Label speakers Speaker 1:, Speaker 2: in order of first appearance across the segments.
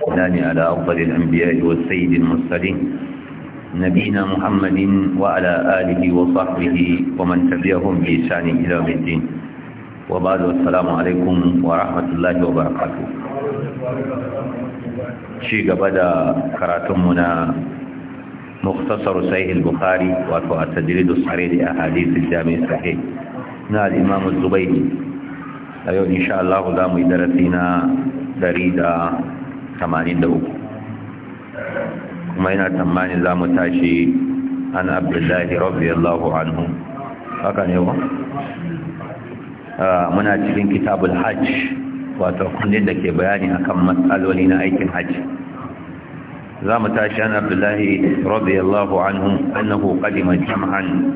Speaker 1: والسلام على أفضل الأنبياء والسيد المرسلين نبينا محمد وعلى آله وصحبه ومن تبعهم بإحسان إلى يوم الدين وبعد السلام عليكم ورحمة الله وبركاته شيء بدا كراتمنا مختصر صحيح البخاري وأتوا التدريد الصحيح لأحاديث الجامع الصحيح na نعم، الإمام الزبيدي أيوه إن شاء الله دام إدارتنا yi 83 kuma yana tsammanin za mu tashi an abdullahi rabiyallahu anhu haka ne wa ah, muna cikin kitabul hajj wato kundin da ke bayani akan matsaloli na aikin hajj za mu tashi an abdullahi radiyallahu anhu annahu qadima jam'an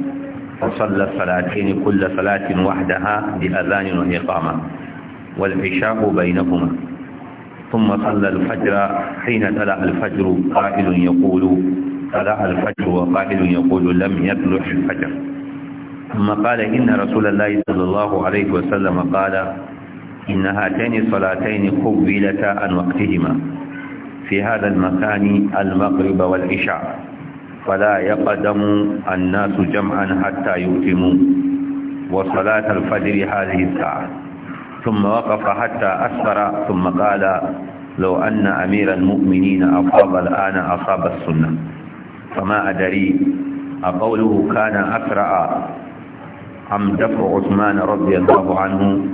Speaker 1: fa salla salatayn kull salatin wahdaha bi adhan wa iqama wal isha'u bainahuma ثم صلى الفجر حين تلا الفجر قائل يقول تلا الفجر وقائل يقول لم يطلع الفجر ثم قال إن رسول الله صلى الله عليه وسلم قال إن هاتين الصلاتين قبلتا عن وقتهما في هذا المكان المغرب والعشاء فلا يقدم الناس جمعا حتى يؤتموا وصلاة الفجر هذه الساعة ثم وقف حتى أسفر ثم قال لو أن أمير المؤمنين أصاب الآن أصاب السنة فما أدري أقوله كان أسرع أم دفع عثمان رضي الله عنه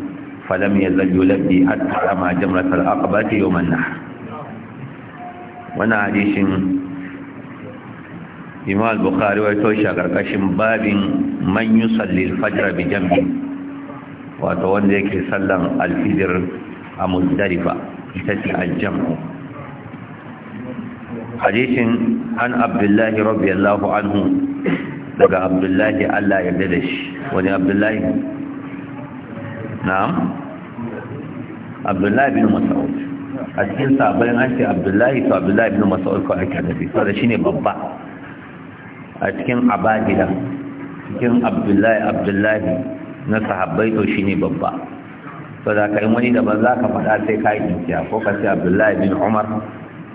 Speaker 1: فلم يزل يلبي حتى رمى جمرة العقبة يوم النحر وانا حديث إمام البخاري ويتوشى قرقش باب من يصلي الفجر بجنبه wato wanda yake sallan alfijir a muzdalifa ita ce aljam'u hadisin an abdullahi radiyallahu anhu daga abdullahi Allah ya da shi wani abdullahi na'am abdullahi bin mas'ud a cikin sabon an ce abdullahi to abdullahi bin mas'ud ko ake da shi ne babba a cikin abadila cikin abdullahi abdullahi na sahabbai to shine babba to da kai wani daban za ka faɗa sai ka yi dinkiya ko ka ce abdullahi bin umar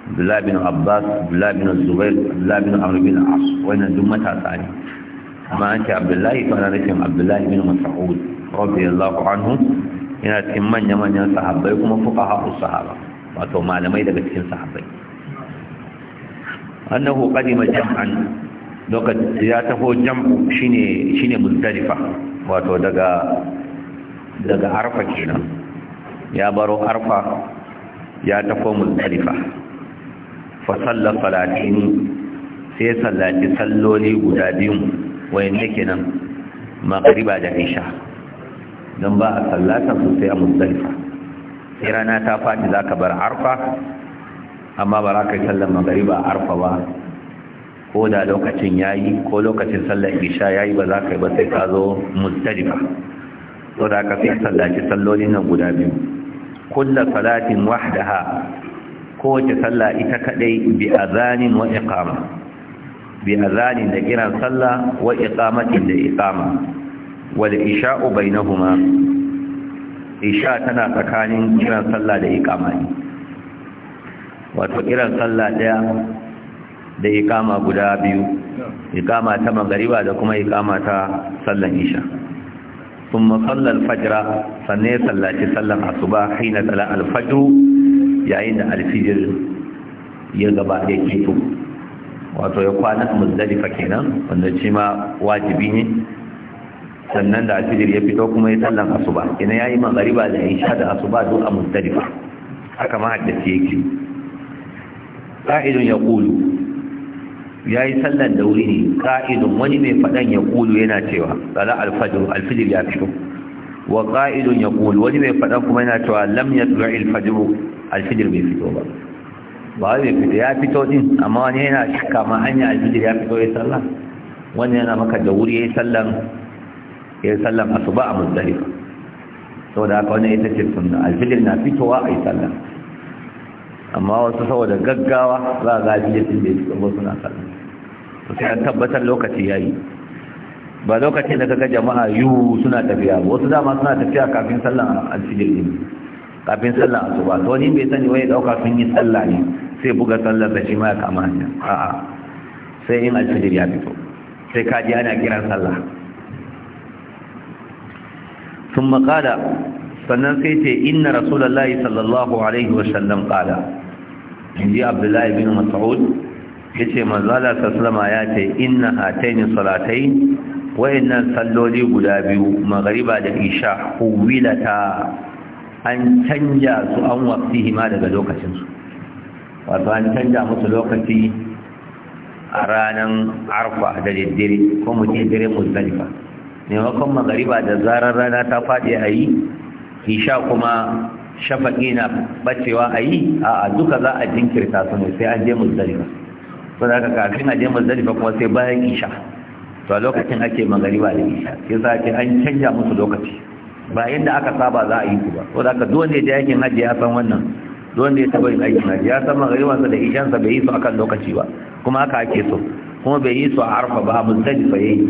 Speaker 1: abdullahi bin abbas abdullahi bin zubair abdullahi bin amr bin as wannan duk matasa ne amma an ce abdullahi to na nufin abdullahi bin mas'ud radiyallahu anhu Ina cikin manya-manyan sahabbai kuma fuqaha sahaba wato malamai daga cikin sahabbai annahu qadima jam'an lokacin ya taho jam'u shine shine muzdalifa wato daga daga arfa kenan ya baro arfa ya taho muzdalifa fa salla salatin sai sallaci salloli guda biyu wayanne kenan magriba da isha don ba a sallata sosai a muzdalifa sai rana ta za ka bar arfa amma ba za ka yi sallan magriba a arfa ba ko da lokacin yayi ko lokacin sallar isha ya yi ba za ka yi ba sai ka zo muzdalifa So da ka sai sallaci sallolin nan guda biyu kulla salatin wahdaha kowace sallah ita kadai bi azanin wa iqama bi azanin da kiran sallah wa iqamatin da iqama wal isha'u bainahuma isha tana tsakanin kiran sallah da iqama wato kiran sallah daya da ikama guda biyu ikama ta magariba da kuma ikama ta sallan isha ثم صلى الفجر sannan ya sallaci sallan asuba hina tsala alfajru yayin da alfijir ya gaba da kito wato ya kwana muzdalifa kenan wanda shi ma wajibi ne sannan da alfijir ya fito kuma ya sallan asuba ina ya yi magariba da isha da asuba duk a muzdalifa haka ma haddace Ƙa'idun ya yaqulu ya yi sallan da wuri ne ƙa'idun wani mai faɗan ya ƙulu yana cewa tsara alfajir alfajir ya fito wa ƙa'idun ya ƙulu wani mai faɗan kuma yana cewa lam ya tsura alfajir alfajir bai fito ba ba zai fito ya fito din amma wani yana shakka ma hanya alfajir ya fito ya sallah wani yana maka da wuri ya yi sallan ya yi sallan asuba a muzdalifa saboda haka wani ita ce sunna alfajir na fitowa a yi sallan, amma wasu saboda gaggawa za a gaji ya tun da ya fito ba suna sallah sai an tabbatar lokaci yayi ba lokacin da kaga jama'a yu suna tafiya wasu dama suna tafiya kafin sallan alfijir din kafin sallan asuba to wani bai sani wai dauka sun yi sallah ne sai buga sallar da shi ma ya kama hanya a'a sai in alfijir ya fito sai kaji ana kiran sallah ثم قال sannan sai ce inna rasulullahi sallallahu alaihi wa wasallam qala inji abdullahi bin mas'ud yace manzala sallama ya ce inna salatai, salatayn inna salloli guda biyu magriba da isha huwilata an canja su an waqtihi ma daga lokacin su wato an canja musu lokaci a ranan arfa da daddare ko mu ce dare muzdalifa maimakon magariba da zarar rana ta faɗi a yi isha kuma shafaƙi na ɓacewa a yi a duka za a jinkirta su ne sai an je muzdalifa so da kafin a je ba kuma sai bayan isha to a lokacin ake magariba da isha sai za ki an canja musu lokaci ba yadda aka saba za a yi ku ba so da haka duk wanda ya hajji ya san wannan dole wanda ya taba yin aikin hajji ya san magaribansa da ishansa bai yi su akan lokaci ba kuma haka ake so kuma bai yi su a arfa ba muzdalifa yayi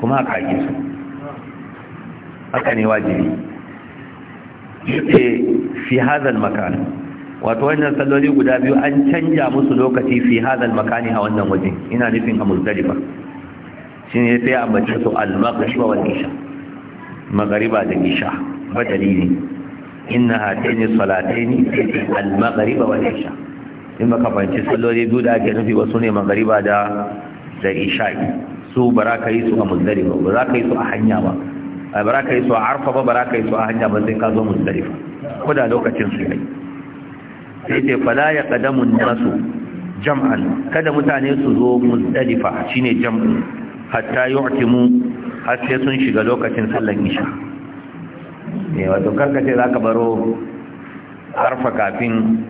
Speaker 1: kuma haka ake so haka ne wajibi yake fi hadal makana wato wannan salloli guda biyu an canja musu lokaci fi hadal makani a wannan waje ina nufin a muzdalifa shine sai a bace su al-maghrib wal isha maghriba da isha ba dalili inna hataini salataini al-maghrib wal isha in baka fahimci salloli biyu da ake nufi wasu ne maghriba da da isha su baraka yi su a muzdalifa ba za ka yi su a hanya ba ba za ka yi su a arfa ba ba ka yi su a hanya ba sai ka zo muzdalifa ko da lokacin su yayi sai ce fala ya qadamun nasu jam'an kada mutane su zo muzdalifa shine jam'u hatta yu'timu har sai sun shiga lokacin sallan isha ne eh, wato karkace ka baro harfa kafin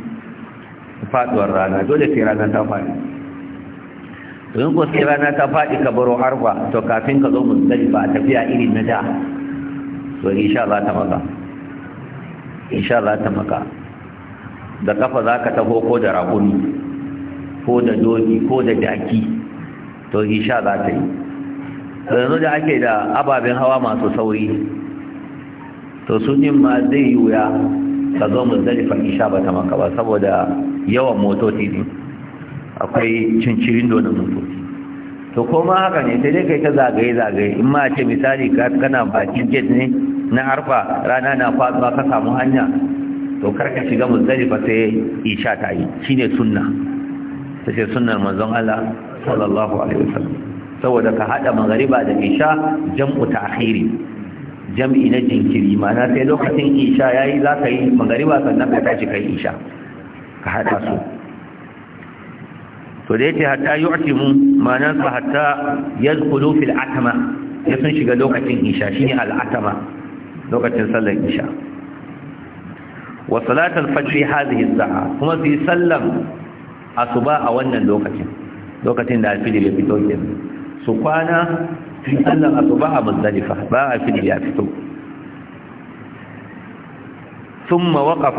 Speaker 1: faduwar rana dole sai rana ta faɗi. don ko sai rana ta faɗi ka baro harfa to kafin ka zo muzdalifa tafiya irin na da to insha Allah ta maka insha Allah ta maka da kafa za ka taho ko da raƙuni ko da doki ko da daki to hisha za ta yi yanzu da ake da ababen hawa masu sauri to sun yi ma zai yi wuya ka zo muzdalifar isha ba ta maka ba saboda yawan motoci ne akwai cincirin donin motoci to koma haka ne sai dai kai ta zagaye-zagaye in ma ce misali kana bakin gate ne na arfa rana na faduwa ka samu hanya to karka shiga muzdalifa sai isha ta yi shine sunna sai sunnar manzon Allah sallallahu alaihi wasallam saboda ka hada magariba da isha jam'u ta'khiri jam'i na jinkiri ma'ana sai lokacin isha yayi zaka yi magariba sannan ka tashi kai isha ka hada su to da yace hatta yu'timu ma'ana sa hatta yadkhulu fil atama ya sun shiga lokacin isha shine al atama lokacin sallar isha wa salatul fajr hadhihi sa'a kuma su yi sallan asuba a wannan lokacin lokacin da alfijir ya fito ke. su kwana su yi sallan asuba a muzdalifa ba alfijir ya fito ثم وقف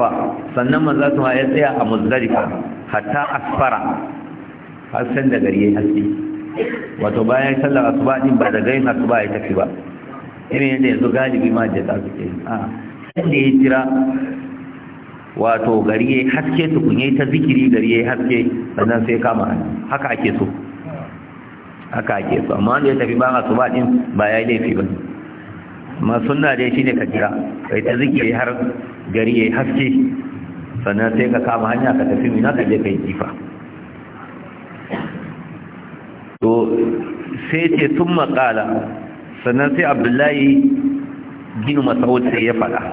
Speaker 1: sannan manzo sun ya tsaya a muzdalifa hatta asfara har san da gari yayi haske wato bayan sallar asuba din ba da garin asuba ya tafi ba irin yadda yanzu galibi ma da ta suke a sai ya jira wato gari yayi haske tukunye ta zikiri gari yayi haske sannan sai kama haka ake so haka ake so amma wanda ya tafi ba su ba din ba yayi laifi ba amma sunna dai shine ka jira kai ta zikiri har gari yayi haske sannan sai ka kama hanya ka tafi mina ka je kai jifa to sai ce sun makala sannan sai abdullahi bin masaud sai ya fada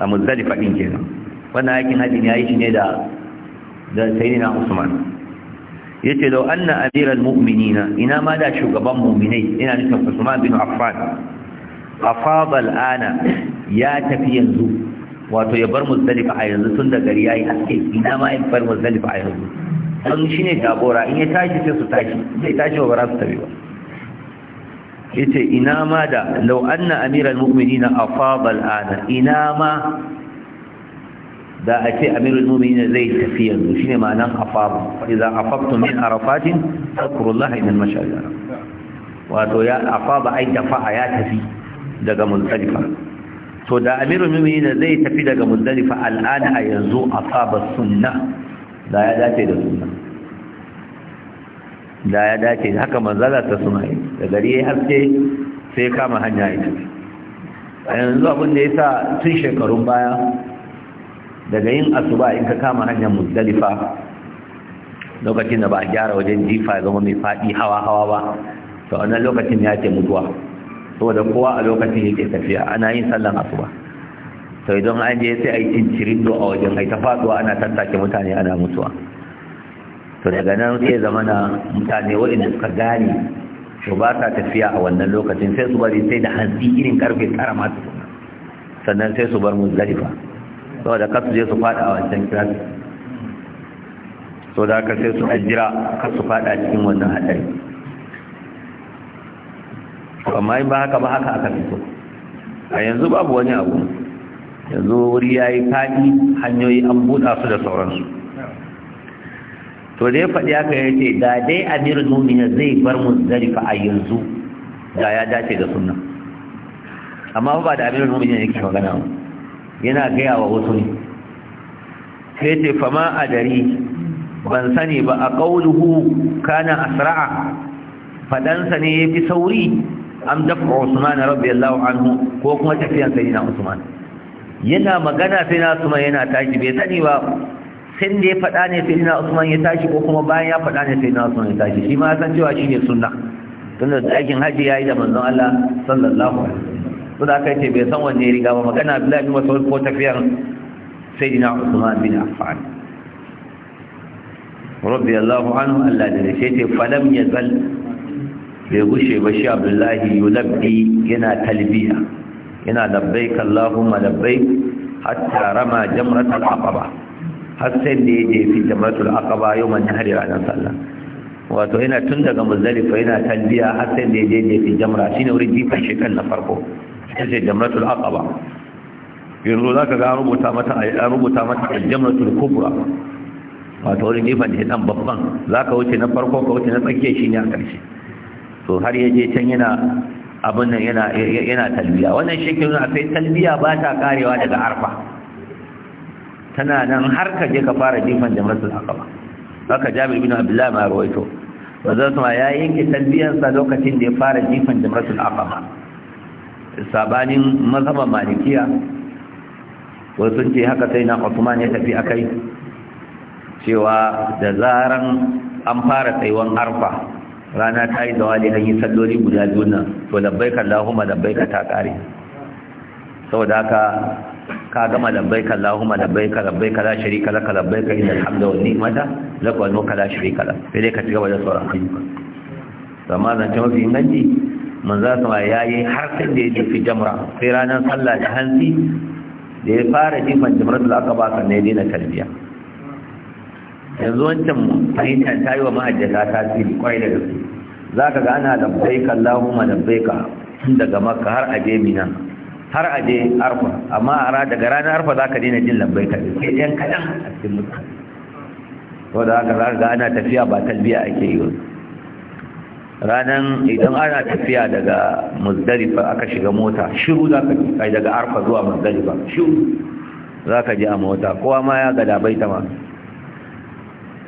Speaker 1: a muzdalifa din kenan wannan aikin hajjin ya yi shi ne da da sayyidina Usman yace law anna amiral mu'minina ina ma da shugaban mu'minai ina nufin Usman bin a fabal ana ya tafi yanzu wato ya bar muzdalifa a yanzu tun da gari ya yi haske ina ma ya bar muzdalifa a yanzu an shi ne jagora in ya tashi sai su tashi sai tashi ba za su tafi ba yace ina ma da an law anna amiral a fabal ana ina ma da a ce amirul mu'minin zai tafi yanzu shine ma'anan afab idza afabtum min arafatin fadhkurullaha inal mashayikh wato ya afaba ai dafa ya tafi daga muzdalifa to da amirul mu'minin zai tafi daga muzdalifa al'ana a yanzu afaba sunna da ya dace da sunna da ya dace haka manzala ta suna yi da gari ya haske sai kama hanya ya tafi a yanzu abin da ya sa tun shekarun baya daga yin asuba in ka kama hanyar muzdalifa lokacin da ba a gyara wajen jifa ya zama mai faɗi hawa hawa ba to wannan lokacin ya ce mutuwa saboda kowa a lokacin yake tafiya ana yin sallan asuba to idan an je sai a yi do a wajen ai faɗuwa ana tattake mutane ana mutuwa to daga nan sai zama na mutane waɗanda suka gane to ba sa tafiya a wannan lokacin sai su bari sai da hantsi irin karfe tara masu sannan sai su bar muzdalifa da kasu je su fada a wancan kirafi so da aka sai su ajira kasu fada cikin wannan haɗari amma in ba haka ba haka aka fito a yanzu babu wani abu yanzu wuri ya yi faɗi hanyoyi an buɗa su da sauransu to dai faɗi aka yi ce da dai amir nuniya zai bar mu zarifa a yanzu da ya dace da sunna amma ba da amir nuniya yake magana ba yana gaya wa wasu ne sai ce fama a dari ban sani ba a ƙauluhu kana asra'a faɗansa ne ya fi sauri an dafa usman radiyallahu anhu ko kuma tafiyan sai na usman yana magana sai na usman yana tashi bai sani ba sai da ya faɗa ne sai na usman ya tashi ko kuma bayan ya faɗa ne sai na usman ya tashi shi ma san cewa shine sunna tunda aikin hajji yayi da manzon Allah sallallahu alaihi wasallam to da kai ce bai san wanne riga ba magana Abdullahi bin Mas'ud ko tafiyar Sayyidina Usman bin Affan radiyallahu anhu Allah da ne sai ce falam yazal bai gushe ba shi Abdullahi yulabbi yana talbiya yana labbaik Allahumma labbaik hatta rama jamratul aqaba har da ya jefi jamratul aqaba yawman nahri ranar sallah wato yana tun daga muzdalifa yana talbiya har sai da ya jefi wurin jifan shekan na farko ce jamratul aqaba yanzu za ga rubuta mata a rubuta mata a jamratul kubra wato wani gefen da dan babban za ka wuce na farko ka wuce na tsakiya shi ne a ƙarshe to har ya je can yana abin nan yana yana talbiya wannan shekaru a sai talbiya ba ta karewa daga arfa tana nan har ka je ka fara gefen jamratul aqaba haka jabir bin abdullah ma rawaito wazan ya yanke sa lokacin da ya fara jifan jamratul aqaba sabanin mazhaban malikiya wasu ce haka sai na Usman ya tafi akai cewa da zaran an fara tsaiwan arfa rana ta yi zawali an yi salloli guda biyu nan to labbaika Allahumma labbaika ta kare saboda haka ka gama labbaika Allahumma labbaika labbaika la sharika laka labbaika innal hamda wan ni'mata laka wa la sharika lak sai dai ka gaba da sauran ayyuka amma zan ce mafi inganci manza sama ya yi har sai da ya jefi jamra sai ranar sallah da hansi da ya fara jifan jamrar da aka baka ya daina tarbiya yanzu wancan fahimtar ta yi wa ta fi kwai da gaske za ka ga ana labbaika Allahumma labbaika daga makka har aje mina har aje arfa amma a ra daga ranar arfa za ka daina jin da sai ɗan kaɗan a cikin mutane wadda haka za ka ga ana tafiya ba talbiya ake yi wasu ranan idan ana tafiya daga muzdalifa aka shiga mota shiru za ka kai daga arfa zuwa muzdalifa shiru za ka ji a mota kowa ma ya gada bai ta ma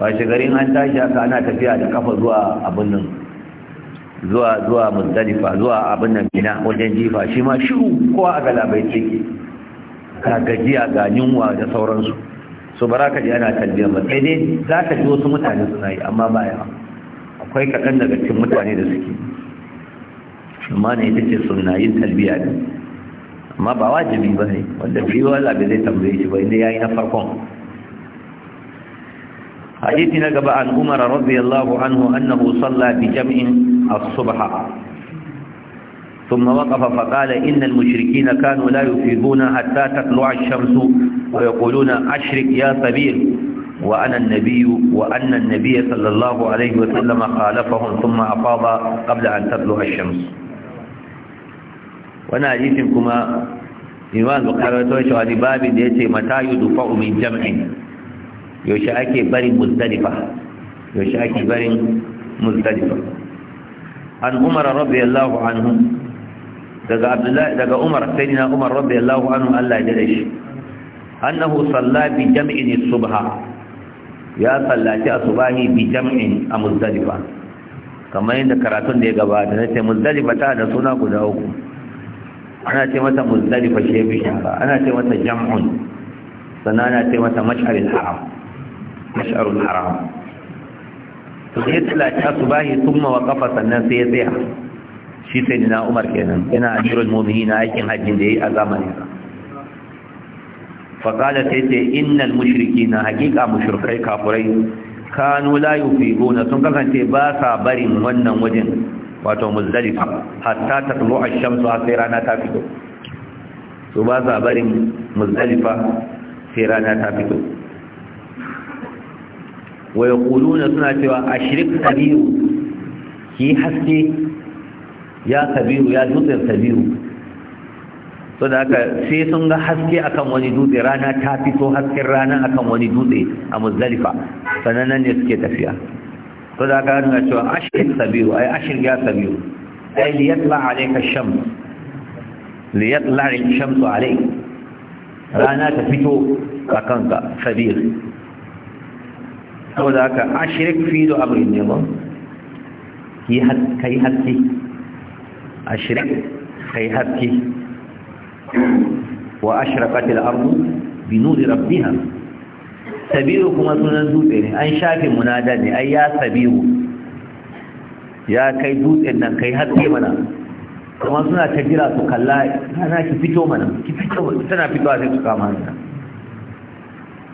Speaker 1: washe garin an tashi haka ana tafiya da kafa zuwa abin nan zuwa zuwa muzdalifa zuwa abin nan bina wajen jifa shi ma shiru kowa a gada bai ce ka gajiya ga yunwa da sauransu so bara ka ji ana talbiya ba sai dai za ka ji wasu mutane suna yi amma ba yawa akwai kaɗan daga cikin mutane da suke amma ne ita ce suna yin talbiya ne amma ba wajibi ba ne wanda fi wala zai tambaye shi ba inda ya yi na farkon hadisi na gaba an umara radiyallahu anhu annahu salla bi jam'in as-subha ثم وقف فقال إن المشركين كانوا لا يفيدون حتى تطلع الشمس ويقولون أشرك يا سبيل وأنا النبي وأن النبي صلى الله عليه وسلم خالفهم ثم أفاض قبل أن تطلع الشمس وأنا حديثكما إمام البخاري وتوشي على باب يأتي متى يدفع من جمع يوشي بري مزدلفة يوشي بري مزدلفة عن عمر رضي الله عنه daga abdullahi daga umar sayyidina umar radiyallahu anhu Allah ya dade shi annahu salla bi jam'in subha ya sallaci asubahi bi jam'in a muzdalifa kamar yadda karatun da ya gabata na ce muzdalifa ta da suna guda uku ana ce mata muzdalifa shi ya fi ana ce mata jam'un sannan ana ce mata mash'arul haram mash'arul haram to ya sallaci asubahi thumma waqafa sannan sai ya tsaya shi sai na Umar kenan yana ajirul mu'minin aikin hajjin da yayi a zamanin sa faƙala sai ce innal mushriki na haƙiƙa mushrikai kafurai kanu la yufiguna sun kasance ba sa barin wannan wajen wato muzdalifa hatta tatlu ash-shamsu sai rana ta fito su ba sa barin muzdalifa sai rana ta fito wa yaquluna suna cewa ashrik kabiru ki haske ya kabiru ya dutsen kabiru so da haka sai sun ga haske akan wani dutse rana ta fito hasken rana akan wani dutse a muzdalifa sannan nan ne suke tafiya so da haka nuna cewa ashir sabiru ai ashir ya sabiru ai yatla alayka shams liyatla alayka alayk rana ta fito akan ka sabir so da haka ashirik fi do amrin ne ba ki kai haske ashirik kai haske wa ashraqatil ardu bi nuri rabbiha sabiru kuma sunan dutse ne an shafe munada ne ai ya sabiru ya kai dutsen nan kai haske mana kuma suna ta jira su kalla rana ki fito mana ki fito tana fitowa sai su kama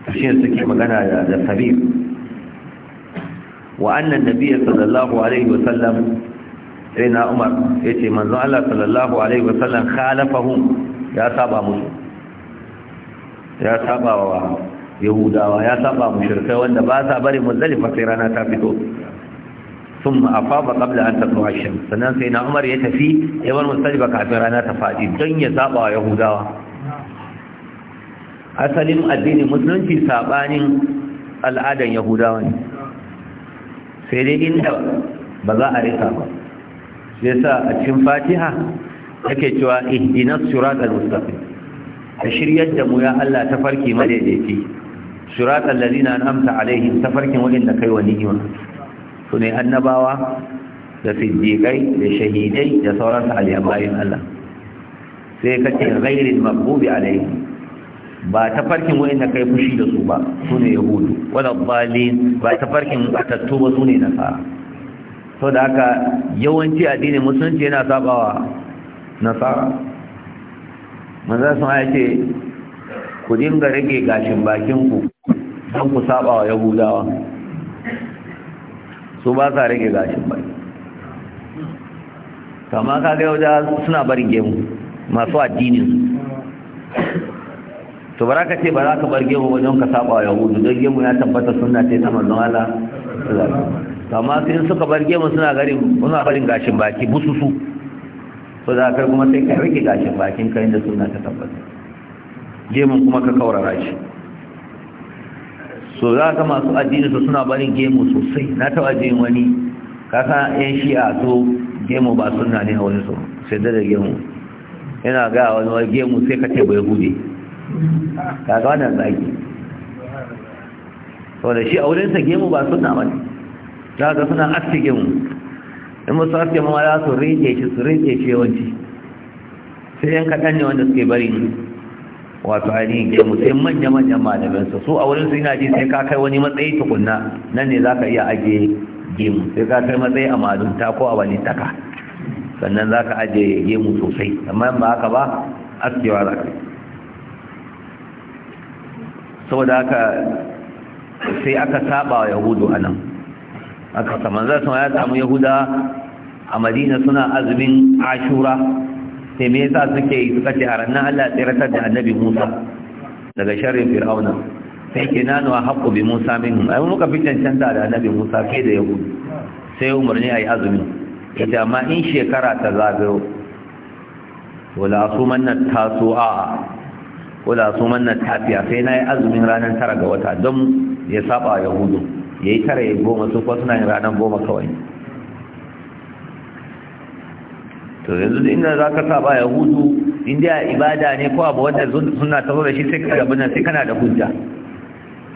Speaker 1: Ta shi suke magana da sabir wa annan nabiyyi sallallahu alaihi wa sallam sai na umar yace manzo Allah sallallahu alaihi wa sallam khalafahum ya saba musu ya saba wa yahudawa ya saba mushrikai wanda ba sa bari muzdalifa sai rana ta fito thumma afaba qabla an tatlu'a ash-shams sannan sai na Umar ya tafi ya bar muzdalifa kafin rana ta fadi don ya saba wa yahudawa asalin addini musulunci sabanin al'adan yahudawa ne sai dai inda ba za a rika ba sai sa a cikin Fatiha ake cewa ihdinas siratal mustaqim ka shiryar da mu ya Allah ta farki madaidaici siratal ladina an'amta alaihim ta farkin wadanda kai wa ni'ima sune annabawa da siddiqai da shahidai da sauran salihan bayin Allah sai ka ce ghairil maghdubi alaihim ba ta farkin wadanda kai fushi da su ba sune yahudu wala dalin ba ta farkin atattu ba sune nasara saboda haka yawanci addinin musulunci yana sabawa nasara manzan sun haya ce ku dinga rage gashin bakinku don ku saba wa yahudawa su ba sa rage gashin baki kama kaga yahudawa suna barin gemu masu addinin to ba ka ce ba za ka bar gemu wajen ka saba wa yahudu don gemu ya tabbata suna ce ta mazan ala kama sun suka bar gemu suna garin suna barin gashin baki bususu so za ka kuma sai ka rike gashin bakin ka inda suna ta tabbata gemun kuma ka kaurara shi so za ka masu addini su suna barin gemu sosai na taɓa jin wani san yan shi'a to gemu ba sunna ne a wani so sai da gemu yana ga wani wani gemu sai ka ce bai hude
Speaker 2: kaga wannan zaki
Speaker 1: so da shi a wurinsa gemu ba sunna ba ne za ka suna asti gemu in musu haske ma ya su rike shi su rike shi yawanci sai yan kaɗan ne wanda suke bari wato ainihin gemu sai manya-manyan malaminsu su a wurin su yana ji sai ka kai wani matsayi tukunna nan ne za ka iya ajiye gemu sai ka kai matsayi a malunta ko a wani taka sannan za ka ajiye gemu sosai amma ba haka ba askewa za ka saboda haka sai aka saba wa yahudu a nan aka saman zai ya samu yahuda a madina suna azumin ashura sai me yasa suke yi suka ce a ranar allah tsiratar da annabi musa daga sharrin fir'auna sai kinanu a haƙƙo bi musa minhum ai muka fi cancanta da annabi musa kai da yahudu sai umarni a yi azumin ita amma in shekara ta zagayo wala su manna taso a wala su manna tafiya sai na yi azumin ranar tara ga wata don ya saba yahudu ya yi tara ya goma su kuwa suna yin ranar goma kawai to yanzu inda za ka saba ya hutu inda ibada ne ko abu wanda suna tafi da shi sai ka gabana sai kana da hujja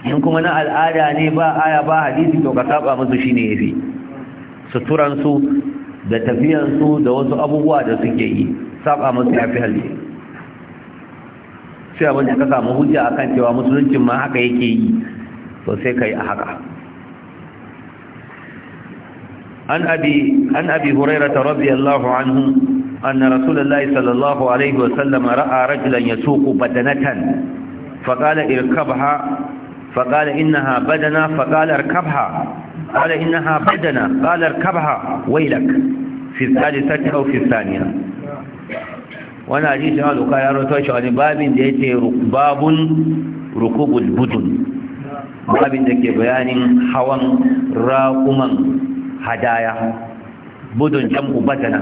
Speaker 1: in kuma na al'ada ne ba aya ba hadisi to ka saba musu shi ne yafi suturansu da tafiyansu da wasu abubuwa da suke yi saba musu yafi halli sai abin da ka samu hujja akan cewa musuluncin ma haka yake yi to sai ka yi a haka عن أبي, عن أبي هريرة رضي الله عنه أن رسول الله صلى الله عليه وسلم رأى رجلا يسوق بدنة فقال اركبها فقال إنها بدنة فقال اركبها قال إنها بدنة قال اركبها ويلك في الثالثة أو في الثانية وانا حديث ما ذكر يا رتوش عن باب ديتي باب ركوب البدن babin da ke bayanin hawan raƙuman hadaya budun jam'u badana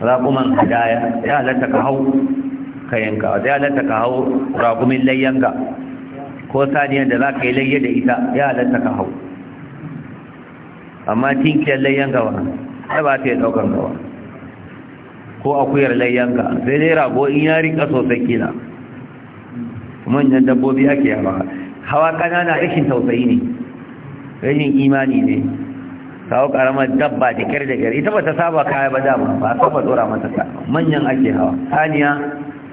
Speaker 1: raguman hadaya ya halatta ka hau ka yanka ya halatta ka hau ragumin layyanka ko saniyar da za ka yi layya da ita ya halatta ka hau amma tinkiyar layyanka gawa ai ba ta yi ɗaukar gawa ko akuyar layyanka. sai dai rago in ya rika sosai kila manyan dabbobi ake yawa hawa ƙanana rashin tausayi ne rashin imani ne kawo karamar dabba da kyar da kyar ita ba ta saba kaya ba dama ba a saba tsora mata ta manyan ake hawa saniya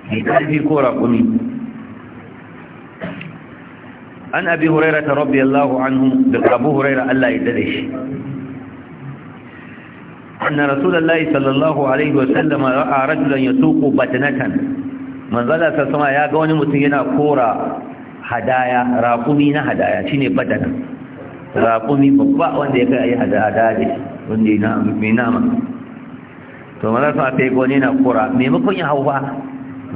Speaker 1: mai ƙarfi ko raƙumi an abi huraira ta rabbi allahu anhu da abu huraira allah ya dade shi أن رسول الله صلى الله عليه وسلم رأى رجلا يسوق بتنة من ظل سسما يا قواني متين كورا هدايا راقمين هدايا شيني بدنة raƙumi babba wanda ya kai a yi wanda ya mai nama to maza sa ta yi goni na kura maimakon ya hau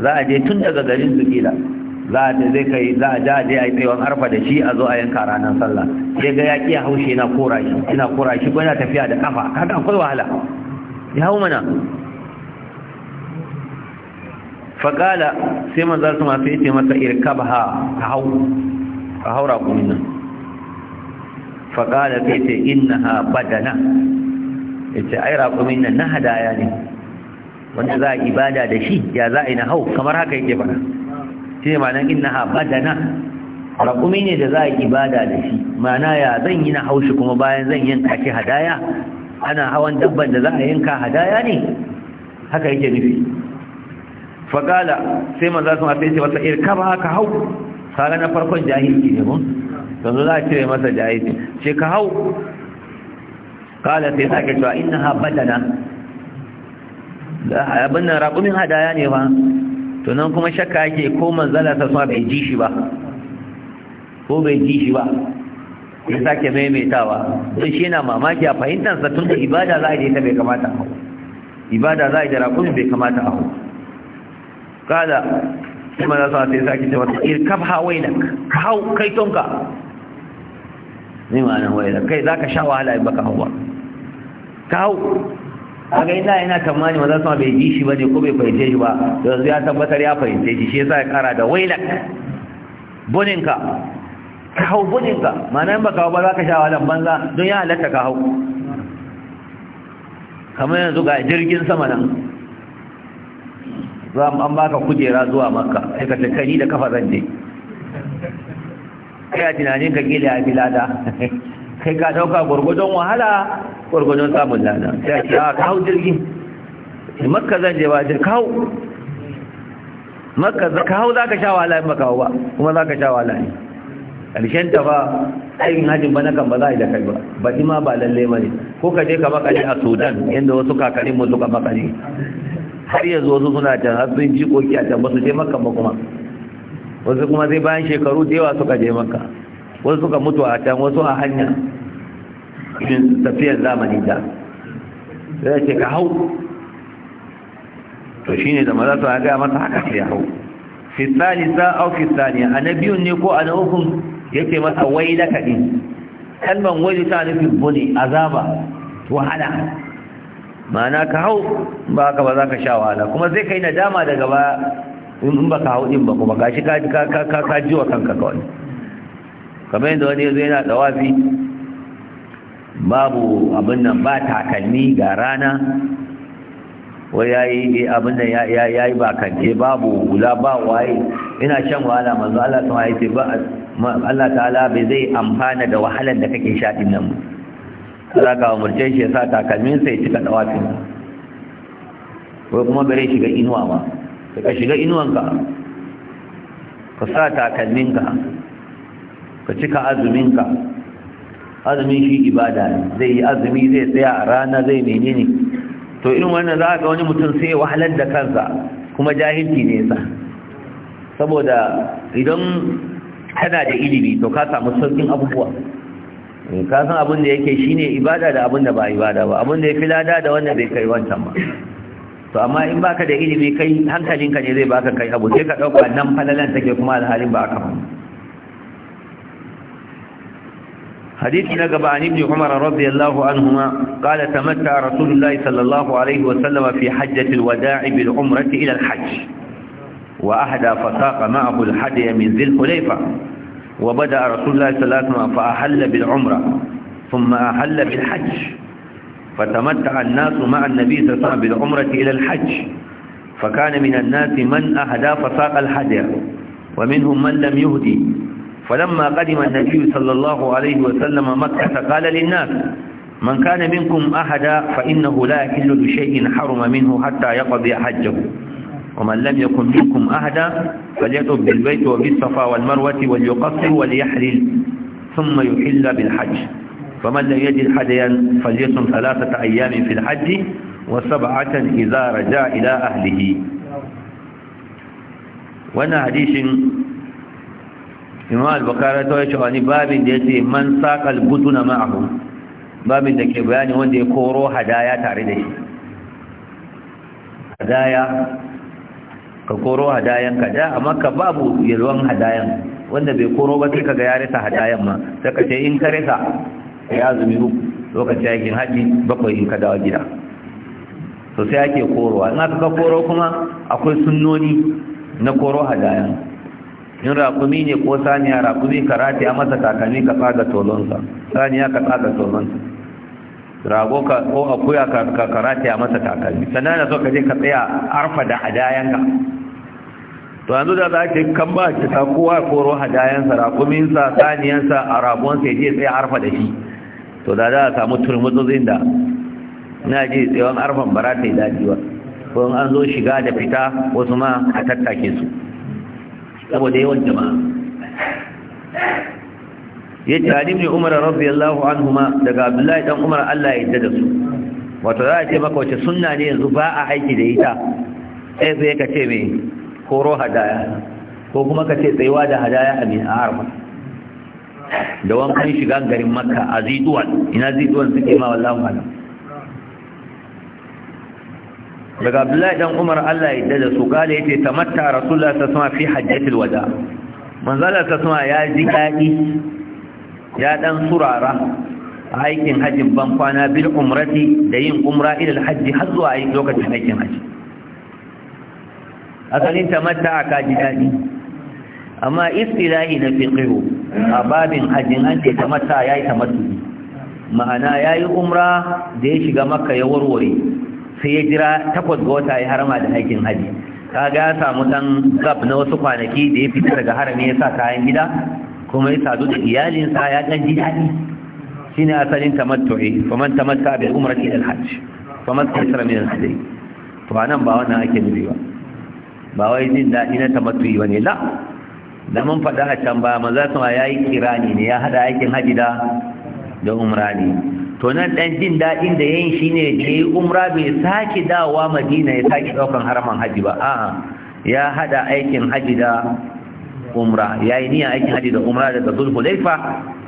Speaker 1: za a je tun daga garin su kila za a zai kai za a jaje a yi tsayuwan arfa da shi a zo a yanka ranar sallah sai ga yaƙi ya haushe na kura shi ina kura shi ko yana tafiya da kafa Haka akwai wahala ya hau mana faƙala sai manzar su masu yi ce masa irkab ha hau a haura kumin nan faƙala sai ce innaha badana ce ai raƙumin nan na hadaya ne wanda za a ibada da shi ya za a yi na hau kamar haka yake faɗa shi ne ma'anar innaha badana raƙumi ne da za a ibada da shi ma'ana ya zan yi na haushi kuma bayan zan yanka shi hadaya ana hawan dabban da za a yanka hadaya ne haka yake nufi faƙala sai maza su mafi ce wata irka ba haka hau kaga na farkon jahilci ne mun yanzu za a cire masa jahili ce ka hau kala sai sake cewa ina ha badana abin nan raƙumin hadaya ne ba to nan kuma shakka yake ko manzala ta suna bai ji shi ba ko bai ji shi ba ya sake maimaitawa don shi yana mamaki a fahimtansa tun da ibada za a yi ta bai kamata a hau ibada za a yi da raƙumin bai kamata a hau kada kuma za su sai sake cewa hawa hawainak ka hau kai tonka zai ma'anar waila kai za ka sha wahala in baka hau ba ka hau a ga ina yana tamani maza sama bai ji shi ba ne ko bai fahimce shi ba yanzu ya tabbatar ya fahimce shi shi sa ya kara da wailak buninka ka hau buninka mana yin baka hau ba za ka sha wahalan banza don ya halatta ka hau kamar yanzu ga jirgin sama nan za an baka kujera zuwa makka sai ka tattali da kafa zan je kai a tunanin ka gida ya fi lada kai ka dauka gwargwadon wahala gwargwadon samun lada sai a ce a ah, kawo jirgin makka zan je ba jir kawo makka kawo za ka sha wahala yin ba ba kuma za ka sha wahala ne ƙarshen ta ba aikin hajjin ba na kan ba za a yi da kai ba ba ma ba lalle ba ne ko ka je ka makale a sudan inda wasu kakarin mu suka makale har yanzu wasu suna can har sun ji koki a can ba su je makka ba kuma wasu kuma zai bayan shekaru da yawa suka je maka wasu suka mutu a can wasu a hanya cikin tafiyar zamani da sai ce ka hau to shine da maza su gaya masa haka sai hau za salisa au a na biyun ne ko a ana hukun yake masa wai laka kaɗi kalman wai ta nufin bune azaba wahala ma'ana ka hau ba ka ba za ka sha wahala kuma zai kai nadama daga ba in ba ka in ba kuma gashi ka ka ji wa kanka kawai kamar yadda wani yanzu yana dawafi babu abin nan ba takalmi ga rana wai ya yi abin nan ya yi bakance babu wula ba waye ina shan wahala manzo Allah ta waye ce ba Allah ta'ala bai zai amfana da wahalar da kake sha din nan za ka umurce shi ya sa takalmin sai cika dawafin ko kuma bare shiga inuwa ma ka shiga inuwanka ka sa takalminka ka cika azuminka azumin shi ibada ne zai yi azumi zai tsaya a rana zai menene to irin wannan za ga wani mutum sai wahalar da kansa kuma jahilci ne sa saboda idan kana da ilimi to ka samu sauƙin abubuwa eh, ka san abin da yake shine ibada da abin da ba ibada ba abin da ya fi lada da wanda bai kai wancan ba to amma in baka da ilimi kai hankalinka ne zai baka kai abu sai ka dauka nan falalan take kuma alhalin ba aka hadisi na gaba an ibn umar radiyallahu anhuma qala tamatta rasulullahi sallallahu alaihi wa sallam fi hajjati alwada'i bil umrati ila alhajj wa ahda fasaqa ma'ahu alhadiy min dhil hulayfa wa bada rasulullahi sallallahu alaihi wa sallam fa ahalla bil umra thumma ahalla bil hajj فتمتع الناس مع النبي صلى الله عليه وسلم بالعمرة إلى الحج فكان من الناس من أهدى فساق الحجر ومنهم من لم يهدي فلما قدم النبي صلى الله عليه وسلم مكة قال للناس من كان منكم أهدى فإنه لا يحل بشيء حرم منه حتى يقضي حجه ومن لم يكن منكم أهدى فليتب بالبيت وبالصفا والمروة وليقصر وليحلل ثم يحل بالحج فمن لم يجد حديا فليصم ثلاثة أيام في الحج وسبعة إذا رجع إلى أهله وانا حديث إمام البقارة يشعني باب ديسي من ساق البطن معه باب ديكي بياني وان كورو هدايا تعرضي هدايا كورو هدايا كدا أما كباب يلوان هدايا وان دي كورو بطلق هدايا ما تكتين كرسا Ya azumi uku lokacin aikin haji bakwai in ka dawo gida to sai ake korowa in aka ka koro kuma akwai sunnoni na koro hadaya in rakumi ne ko saniya rakumi ka rati a masa kakami ka tsaga tolonsa saniya ka tsaga tolonsa rago ka ko akuya ka karati a masa kakami sannan da so ka je ka tsaya arfa da hadayanka to yanzu da za ka kan ba ki ta kowa koro hadayansa rakuminsa saniyansa a rabuwansa ya je tsaya arfa da shi to da za a samu turmutsutsin da na ji tsawon arfan ba ta yi daɗi ko an zo shiga da fita wasu ma a tattake su saboda yawan jama'a ya ce hadin ne umar radiyallahu anhuma daga abdullahi dan umar Allah ya yarda da su wato za a ce maka wace sunna ne yanzu ba a aiki da ita sai sai ka ce me koro hadaya ko kuma ka ce tsayuwa da hadaya a min arfa da wankan shiga garin makka a ziduwan ina ziduwan suke ma wallahu alam daga abdullahi dan umar Allah ya dada su kala yace tamatta rasulullah ta sama fi hajjatul wada manzala sama ya ji dadi ya dan surara a aikin hajjin ban kwana bil umrati da yin umra ila al hajji har zuwa lokacin aikin hajji asalin tamatta ka ji dadi amma istilahi na fiqhu a babin hajjin an ce tamatta yayi tamattu ma'ana yayi umra da ya shiga makka ya warware sai ya jira takwas ga wata ya harama da aikin haji kaga ya samu dan gab na wasu kwanaki da ya fita daga harami ya sa kayan gida kuma ya sadu da iyalinsa ya dan ji daɗi shine asalin tamattu'i faman tamatta bil umrati ila al-hajj faman tasara min al-hajj to anan ba wannan ake nufi ba ba wai jin daɗi na tamattu'i bane la da mun faɗa a can ba za su ma ya yi kira ne ya haɗa aikin haji da da umra ne to nan ɗan jin daɗin da yayin shi ne da ya yi umra bai sake dawowa madina ya sake ɗaukan haraman haji ba a'a ya haɗa aikin haji da umra ya yi niyan aikin haji da umra daga zulhulaifa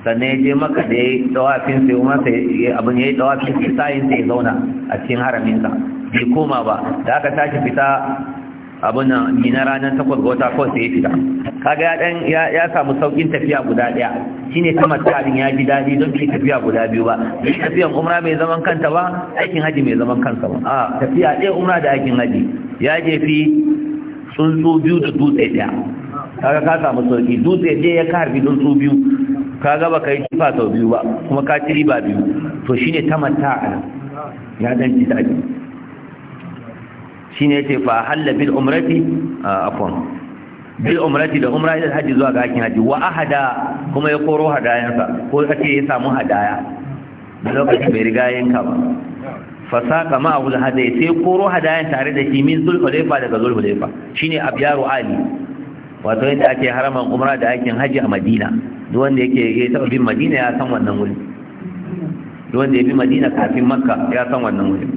Speaker 1: sannan ya je maka da ya yi tsawafin sai umar sai abin ya yi tsawafin sai sayin sai ya zauna a cikin haraminsa bai koma ba da aka tashi fita abin ni na ranar takwas ga wata kawai sai ya fita kaga ya dan ya samu saukin tafiya guda daya shine kamar tarin ya ji dadi don ki tafiya guda biyu ba shi tafiyan umra mai zaman kanta ba aikin haji mai zaman kansa ba a tafiya ɗaya umra da aikin haji ya je fi tsuntsu biyu da dutse daya kaga ka samu sauki dutse ɗaya ya karbi tsuntsu biyu kaga ba ka yi kifa sau biyu ba kuma ka ci riba biyu to shine ta mata ya dan ci daji ne ce fa halla bil umrati afwan bil umrati da umra ila hajji zuwa ga hakin haji wa ahada kuma ya koro hadayansa ko ake ya samu hadaya da lokacin bai riga yanka ba fasaka ma abu da hadaya sai koro hadayan tare da shi min zulhulaifa daga shi ne abyaru ali wato yadda ake haraman umra da aikin haji a madina duk wanda yake ya taba bin madina ya san wannan wuri duk wanda ya bi madina kafin makka ya san wannan wuri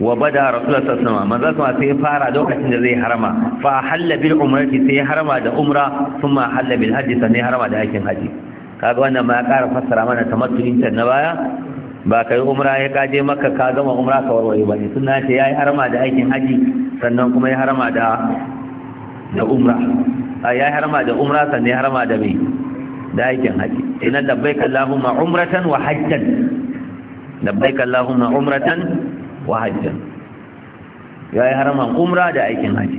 Speaker 1: wa bada rasulullah sallallahu alaihi wasallam manzo sai fara lokacin da zai harama fa halla bil umrati sai ya harama da umra kuma halla bil hajji sai harama da aikin haji kaga wannan ma ya ƙara fassara mana tamattu'in ta na baya ba kai umra ya kaje maka ka gama umra ka warware ba ne sunna ce yayi harama da aikin haji sannan kuma ya harama da da umra yayi harama da umra sannan ya harama da mai da aikin haji inna labbaika allahumma umratan wa hajjan labbaika allahumma umratan wa ya yi haraman umra da aikin haji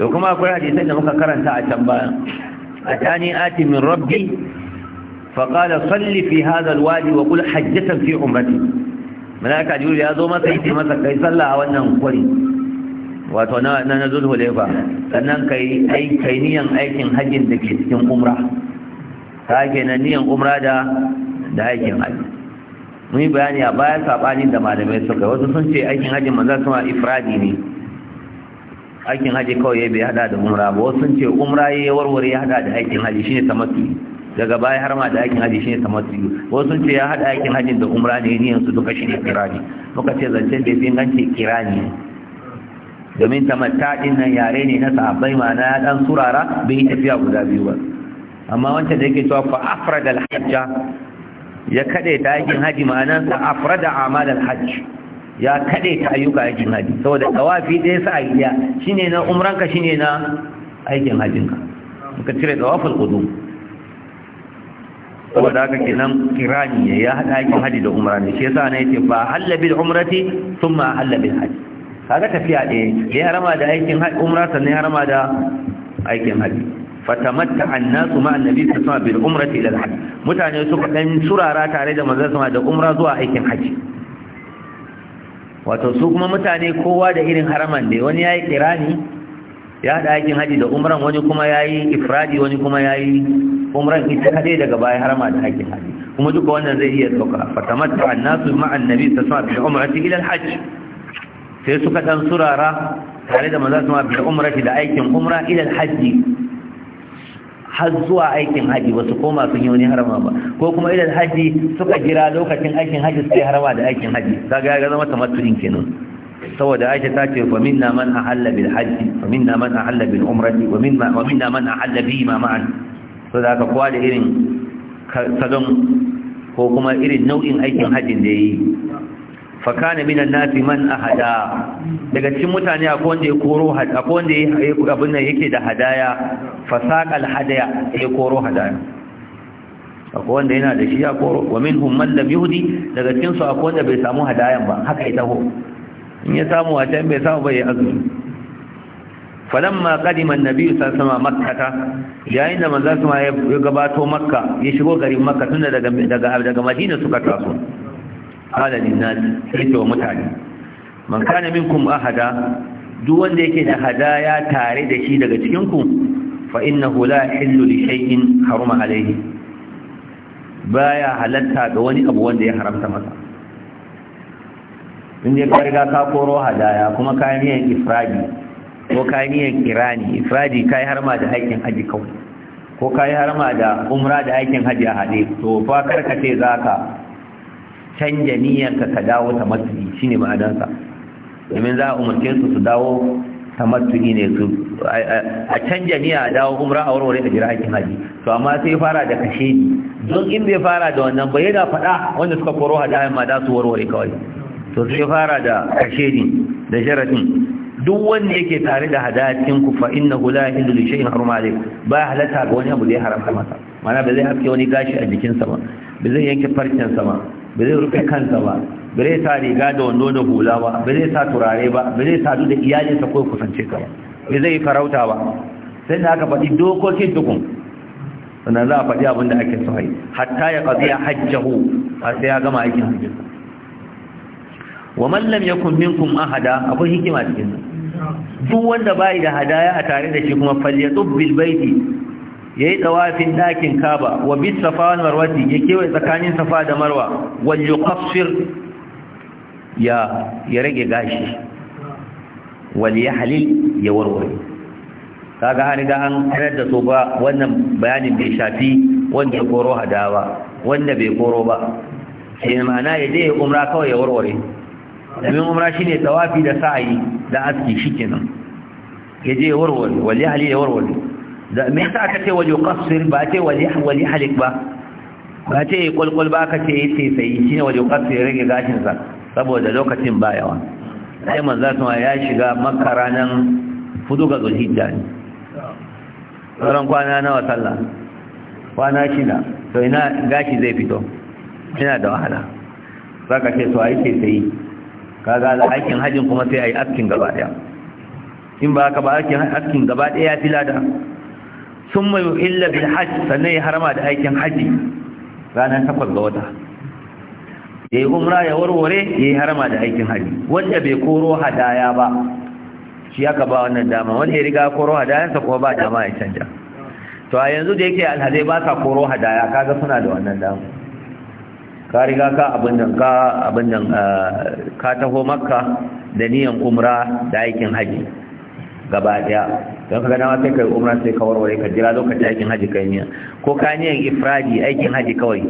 Speaker 1: to kuma akwai hadisai da muka karanta a can baya atani ati min rabbi فقال صلي في هذا الوادي وقل حجة في عمرتي ملائكة جبريل يا زوما masa kai sallah a wannan kwari wato na na nazul hulefa sannan kai ai kai niyan aikin hajjin da ke cikin umra Ta ke na niyan umra da da aikin hajji mun yi bayani a bayan sabanin da malamai suka wasu sun ce aikin hajji manzo suna ifradi ne aikin hajji kawai ya bai hada da umra ba wasu sun ce umra ya warware ya hada da aikin hajji shine tamattu daga baya har ma da aikin hajji shine tamattu wasu sun ce ya hada aikin hajji da umra ne ni yanzu duka shine kirani muka ce zancen da fi ganci kirani domin tamatta din nan yare ne na sahabbai ma na dan surara bai tafiya guda biyu ba amma wancan da yake cewa fa afrada al-hajja ya kadaita ta aikin haji ma'anan sa afrada amalan hajj ya kadaita ta ayyuka aikin haji saboda tawafi ɗaya sa aiya shine na umranka shine na aikin hajinka muka cire tawaful qudum saboda haka kenan kirani ne ya hada aikin haji da umra ne shi yasa ne yace ba halla bil umrati thumma halla bil haji kaga tafiya ne ya harama da aikin haji umra sannan ya harama da aikin hajji. fatamatta annasu ma annabi sallallahu alaihi bil umrati ila al-hajj mutane suka dan surara tare da manzon sama da umra zuwa aikin haji wato su kuma mutane kowa da irin haraman ne wani yayi kirani ya da aikin haji da umran wani kuma yayi ifradi wani kuma yayi umran ita kade daga baya harama da aikin haji kuma duka wannan zai iya sauka fatamatta annasu ma annabi sallallahu alaihi bil umrati ila al-hajj sai suka dan surara tare da manzon sama bil umrati da aikin umra ila al-hajj har zuwa aikin haji ba su koma sun yi wani harama ba ko kuma idan haji suka jira lokacin aikin haji su yi harama da aikin haji ga ya zama tamattu'in kenan saboda Aisha ta ce fa minna man ahalla bil haji fa minna man ahalla bil umrati wa minna wa minna man ahalla bi ma ma'an to da ka kowa da irin salon ko kuma irin nau'in aikin hajin da yayi fakana minan nasi man ahada daga cikin mutane akwai wanda ya koro akwai wanda abin nan yake da hadaya fasaqal hadaya ya koro hadaya akwai wanda yana da shi ya koro wa minhum man lam yuhdi daga cikin su akwai wanda bai samu hadayan ba haka ita ho in ya samu wata in bai samu ba ya azumi falamma qadima an na sallallahu alaihi wasallam makkah yayin da manzo ya gabato makka ya shigo garin makka tunda daga daga madina suka taso qala linnasi sai ce wa mutane man kana minkum ahada duk wanda yake da hadaya tare da shi daga cikin ku fa innahu la yahillu li shay'in haruma alayhi baya halatta ga wani abu wanda ya haramta masa inda ka riga ka koro hadaya kuma ka niyan ifradi ko ka niyan kirani ifradi kai harma da aikin haji kawai ko ka yi harma da umra da aikin hajji a haɗe to fa karkace za ka canja niyyarka ka dawo ta shi shine ma'adansa domin za a umarce su su dawo ta matu'i ne su a canja niyya a dawo umra a warware a jira aikin haji to amma sai fara da kashe ni don in bai fara da wannan ba yana faɗa wanda suka koro hadayen ma da su warware kawai to sai fara da kashe ni da sharaɗin duk wanda yake tare da hadayen ku fa innahu la yahillu li shay'in harama alayh ba halatta ga wani abu da ya haramta masa mana ba zai haske wani gashi a jikinsa ba ba zai yanke farcen sa ba ba zai rufe kansa ba ba zai sa riga da wando da hula ba ba zai sa turare ba ba zai sadu da iyalinsa ko kusance ka ba ba zai farauta ba sai da aka faɗi dokokin dukun sannan za a faɗi abin da ake sahi hatta ya ƙazi ya hajjahu har sai ya gama aikin hajjinsa wa mallam ya kun kummin kum ahada akwai hikima cikin duk wanda bai da hadaya a tare da shi kuma ya bil baiti yayi tawafin dakin Kaaba wa bis Safa wal Marwa ya wai tsakanin Safa da Marwa wal yuqaffir ya ya rage gashi wal yahlil ya warware kaga an riga an karar da su ba wannan bayanin bai shafi wanda ya koro hadawa wanda bai koro ba sai eh, ma'ana ya dai umra kawai ya warware domin umra shine tawafi da sa'ayi da aski shikenan ya je warware wal yahlil ya warware da me yasa aka ce waje qasir ba ce waje waje halik ba ba ce kulkul ba aka ce sai shi ne waje qasir rage gashin sa saboda lokacin ba yawa sai manzo sun ya shiga makka ranan fudu ga zuhijja ne ran kwana nawa sallah kwana shida to ina gashi zai fito yana da wahala zaka ce to ai sai sai kaga da aikin hajin kuma sai ai askin gaba daya in ba ka ba aikin askin gaba daya ya filada sun mai illa bil hajji sannan ya harama da aikin hajji ranar takwas ga wata ya yi umra ya warware ya yi harama da aikin hajji wanda bai koro hadaya ba shi aka ba wannan dama wanda ya riga koro hadayansa kuma ba dama ya canja to a yanzu da yake alhazai ba sa koro hadaya kaga suna da wannan dama ka riga ka abin da ka abin ah, ka taho makka da niyan umra da aikin hajji gaba daya don ka gana sai kai umar sai kawar warware ka jira lokacin aikin haji kai miya ko ka niyan ifradi aikin haji kawai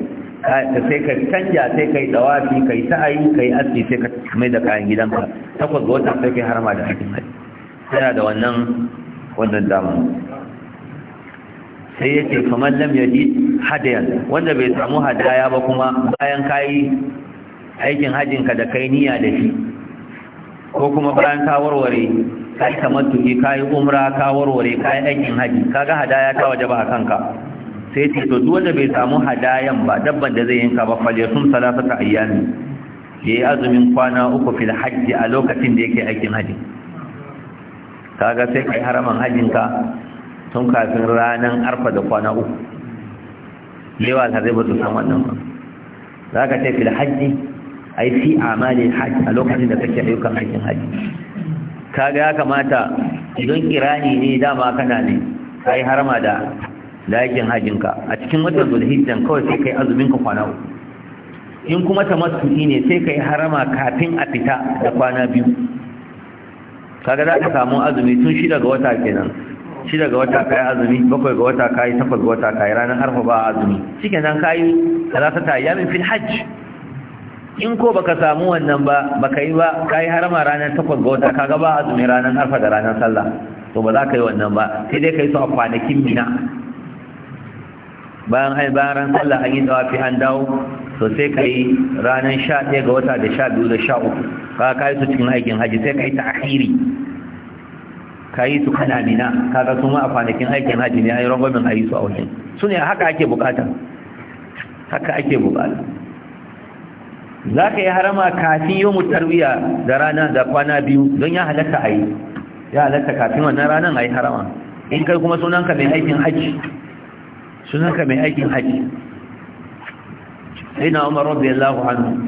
Speaker 1: sai ka canja sai kai dawafi kai sa'ayi kai asli sai ka mai da kayan gidanka takwas ga wata sai kai harma da aikin haji yana da wannan wannan dama sai ya ce kamar lam yaji hadayan wanda bai samu hadaya ba kuma bayan kayi aikin hajinka da kai niyya da shi ko kuma bayan ka warware ka yi tamattuki ka yi umra ka warware ka yi aikin haji ka ga hadaya ta waje ba a kanka sai ce to duk wanda bai samu hadayan ba dabban da zai yanka ba falle sun salasata ayyami ya yi azumin kwana uku fil haji a lokacin da yake aikin haji ka ga sai ka yi haraman ka tun kafin ranar arfa da kwana uku lewa ta zai ba su san wannan ba za ka ce fil hajji ai fi amalin haji a lokacin da kake ayyukan aikin hajji kaga ya kamata idan kirani ne dama kana ne kai harama da lakin hajinka a cikin watan zulhijjan kawai sai kai azumin ka kwana uku in kuma tamattu'i ne sai kai harama kafin a fita da kwana biyu kaga za ka samu azumi tun shida ga wata kenan shida ga wata kai azumi bakwai ga wata kai takwas ga wata kai ranar harfa ba azumi shikenan kai za ta min fil hajj in ko baka samu wannan ba baka yi ba kai harama ranar takwas ga wata kaga ba azumi ranar alfa da ranar sallah to ba za ka yi wannan ba sai dai kai su a kwanakin mina bayan ai bayan ran sallah an yi fi an dawo to sai ka yi ranar sha ɗaya ga wata da sha biyu da sha 13 ka yi su cikin aikin haji sai ka yi kai ka yi su kana mina kaga su ma a kwanakin aikin haji ne yi rangwamin ayi su a wajen su ne haka ake bukata haka ake bukata za ka yi harama kafin yau mutarwiya da rana da kwana biyu don ya halatta a yi ya halatta kafin wannan ranar a yi harama in kai kuma sunanka mai aikin hajji sunanka mai aikin hajji sai na umar rabbi allahu hannu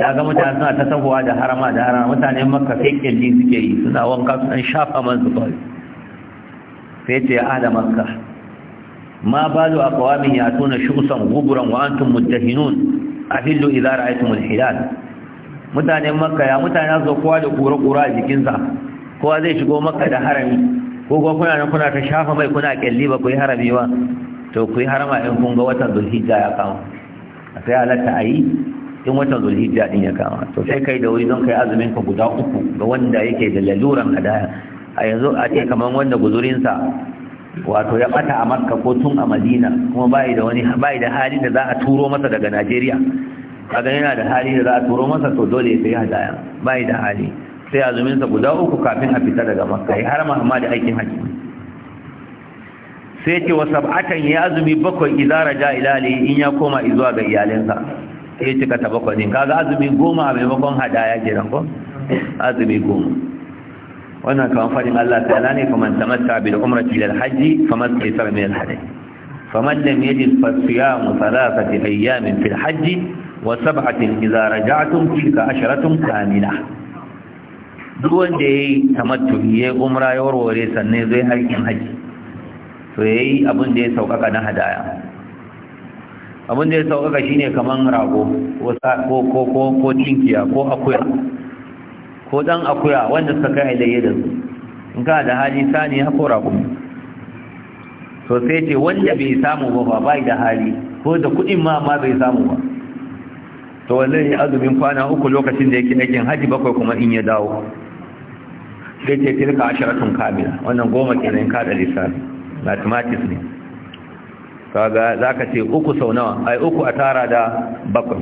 Speaker 1: ya ga mutane suna ta tahowa da harama da harama mutanen maka sai kyalli suke yi suna wanka su ɗan shafa man su ya sai ce ahla makka ma balu ya tona shi kusan guguran wa'antun muttahinun ahillu idza ra'aytumul hilal mutanen makka ya mutane zo kowa da kura-kura a jikinsa kowa zai shigo makka da harami ko ko kuna nan kuna ta shafa mai kuna kyalli ba ku yi harami ba to ku yi harama in kun ga watan zulhijja ya kama a sai halatta a yi in watan zulhijja din ya kama to sai kai da wuri don kai azumin ka guda uku ga wanda yake da laluran hadaya a yanzu a ce kamar wanda guzurinsa wato ya bata a makka ko tun a madina kuma bai da wani bai da hali da za a turo masa daga najeriya kaga yana da hali da za a turo masa to dole ya sayi hadaya bai da hali sai azuminsa guda uku kafin a fita daga makka ya harama amma da aikin haji sai ce wa sab'atan ya azumi bakwai idan raja ila ali in ya koma zuwa ga iyalinsa sai ya cika ta bakwai din kaga azumi goma a maimakon hadaya kenan ko azumi goma wannan kamar fadin Allah ta'ala ne faman tamatta bil umrati ila al-hajj faman taysara min al-hadi faman lam yajid fa siyam thalathati ayyamin fil hajj wa sab'atin idza raja'tum tilka asharatun kamila duk wanda yayi tamattu yayi umra ya warware sannan zai aikin haji to yayi abin da ya sauƙaƙa na hadaya abin da ya sauƙaƙa shine kaman rago ko ko ko ko tinkiya ko akuya ko dan akuya wanda suka kai da da su in ka da hali sani ya kora kuma to sai ce wanda bai samu ba ba bai da hali ko da kuɗin ma ma bai samu ba to wallahi azumin kwana uku lokacin da yake aikin haji bakwai kuma in ya dawo sai ce tilka asharatun kamila wannan goma kenan ka da lissafi mathematics ne kaga zaka ce uku sau nawa ai uku a tara da bakwai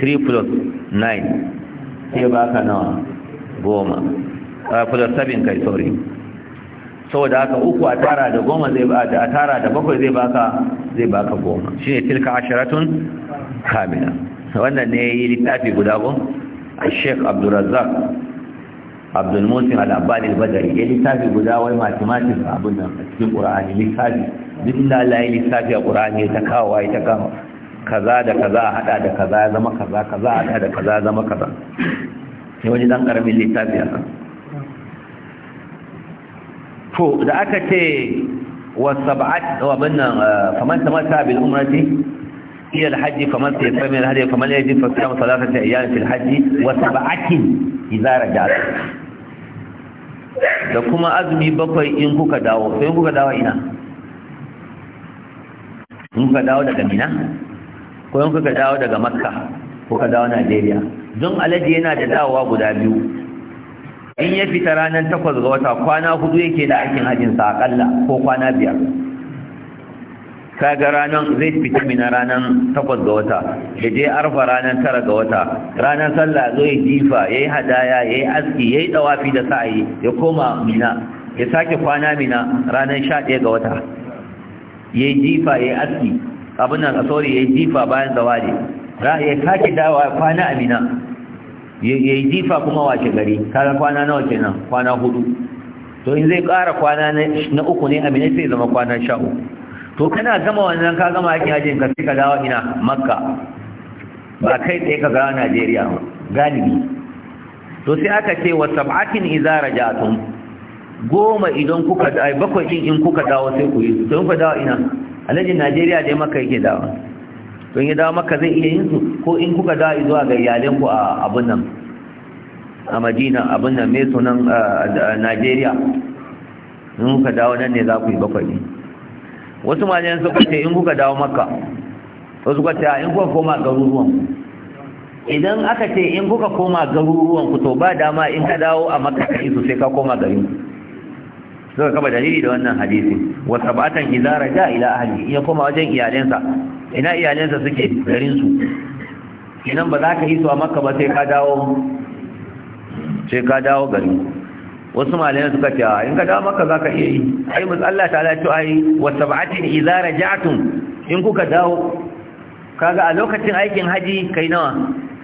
Speaker 1: 3 plus 9 sai baka nawa goma a plus sabin kai sorry saboda haka uku a tara da goma zai ba a tara da bakwai zai baka zai baka goma shine tilka ashiratun kamila wannan ne yi littafi guda gun Sheikh sheik Razzaq abdulmusin al'abbalin al ya littafi guda wai matematik abin nan a cikin ƙura'ani littafi duk da layi littafi a ƙura'ani ta kawo ai ta kama kaza da kaza hada da kaza zama kaza kaza hada da kaza zama kaza sai wani dan karamin littafi a to da aka ce wasu ba'ad da wabin nan eh, famanta mata bin umarci iya alhaji famanta ya fami alhaji ya famanta ya ji fasiya masu alaƙar ta iya alfil haji wasu ba'akin izara da su da kuma azumi bakwai in kuka dawo sai kuka dawo ina in kuka dawo daga mina ko in kuka dawo daga makka kuka dawo najeriya don alaji yana da dawowa guda biyu in ya fita ranar takwas ga wata kwana hudu yake da aikin hajjinsa akalla ko kwana biyar kaga ranar zai fita mina ranar takwas ga wata ya je arfa ranar tara ga wata ranar sallah zo ya jifa ya yi hadaya ya yi aski ya yi dawafi da sa'ayi ya koma mina ya sake kwana mina ranar sha ɗaya ga wata ya yi jifa ya yi aski abin nan a sauri ya yi jifa bayan zawari ya sake dawa kwana a mina yayi jifa kuma wace gari kana kwana nawa kenan kwana hudu to in zai ƙara kwana na uku ne amina sai zama kwana sha uku to kana gama wannan ka gama aikin hajjin ka sai ka dawo ina makka ba kai tsaye ka gara najeriya ba galibi to sai aka ce wa sab'atin idza raja'tum goma idan kuka dai bakwai din in kuka dawo sai ku yi don ku dawo ina alhaji najeriya dai makka yake dawo to ya dawo maka zai iya yin su ko in kuka dawo zuwa ga iyalanku a abun nan a madina abun nan mai sunan najeriya in kuka dawo nan ne za ku yi bakwai wasu malayan suka ce in kuka dawo maka wasu kuka ce in kuka koma garuruwan idan aka ce in kuka koma garuruwan ku to ba dama in ka dawo a maka ka su sai ka koma garin suka kaba dalili da wannan hadisi wa sab'atan idza raja ila ahli ya koma wajen iyalensa ina iyalinsa suke garinsu inan ba za ka yi su a maka ba sai ka dawo sai ka dawo gari wasu malamai suka ce in ka dawo maka za ka iya yi ai musu Allah ta lati ai wa sab'atin idza raja'tum in kuka dawo kaga a lokacin aikin haji kai nawa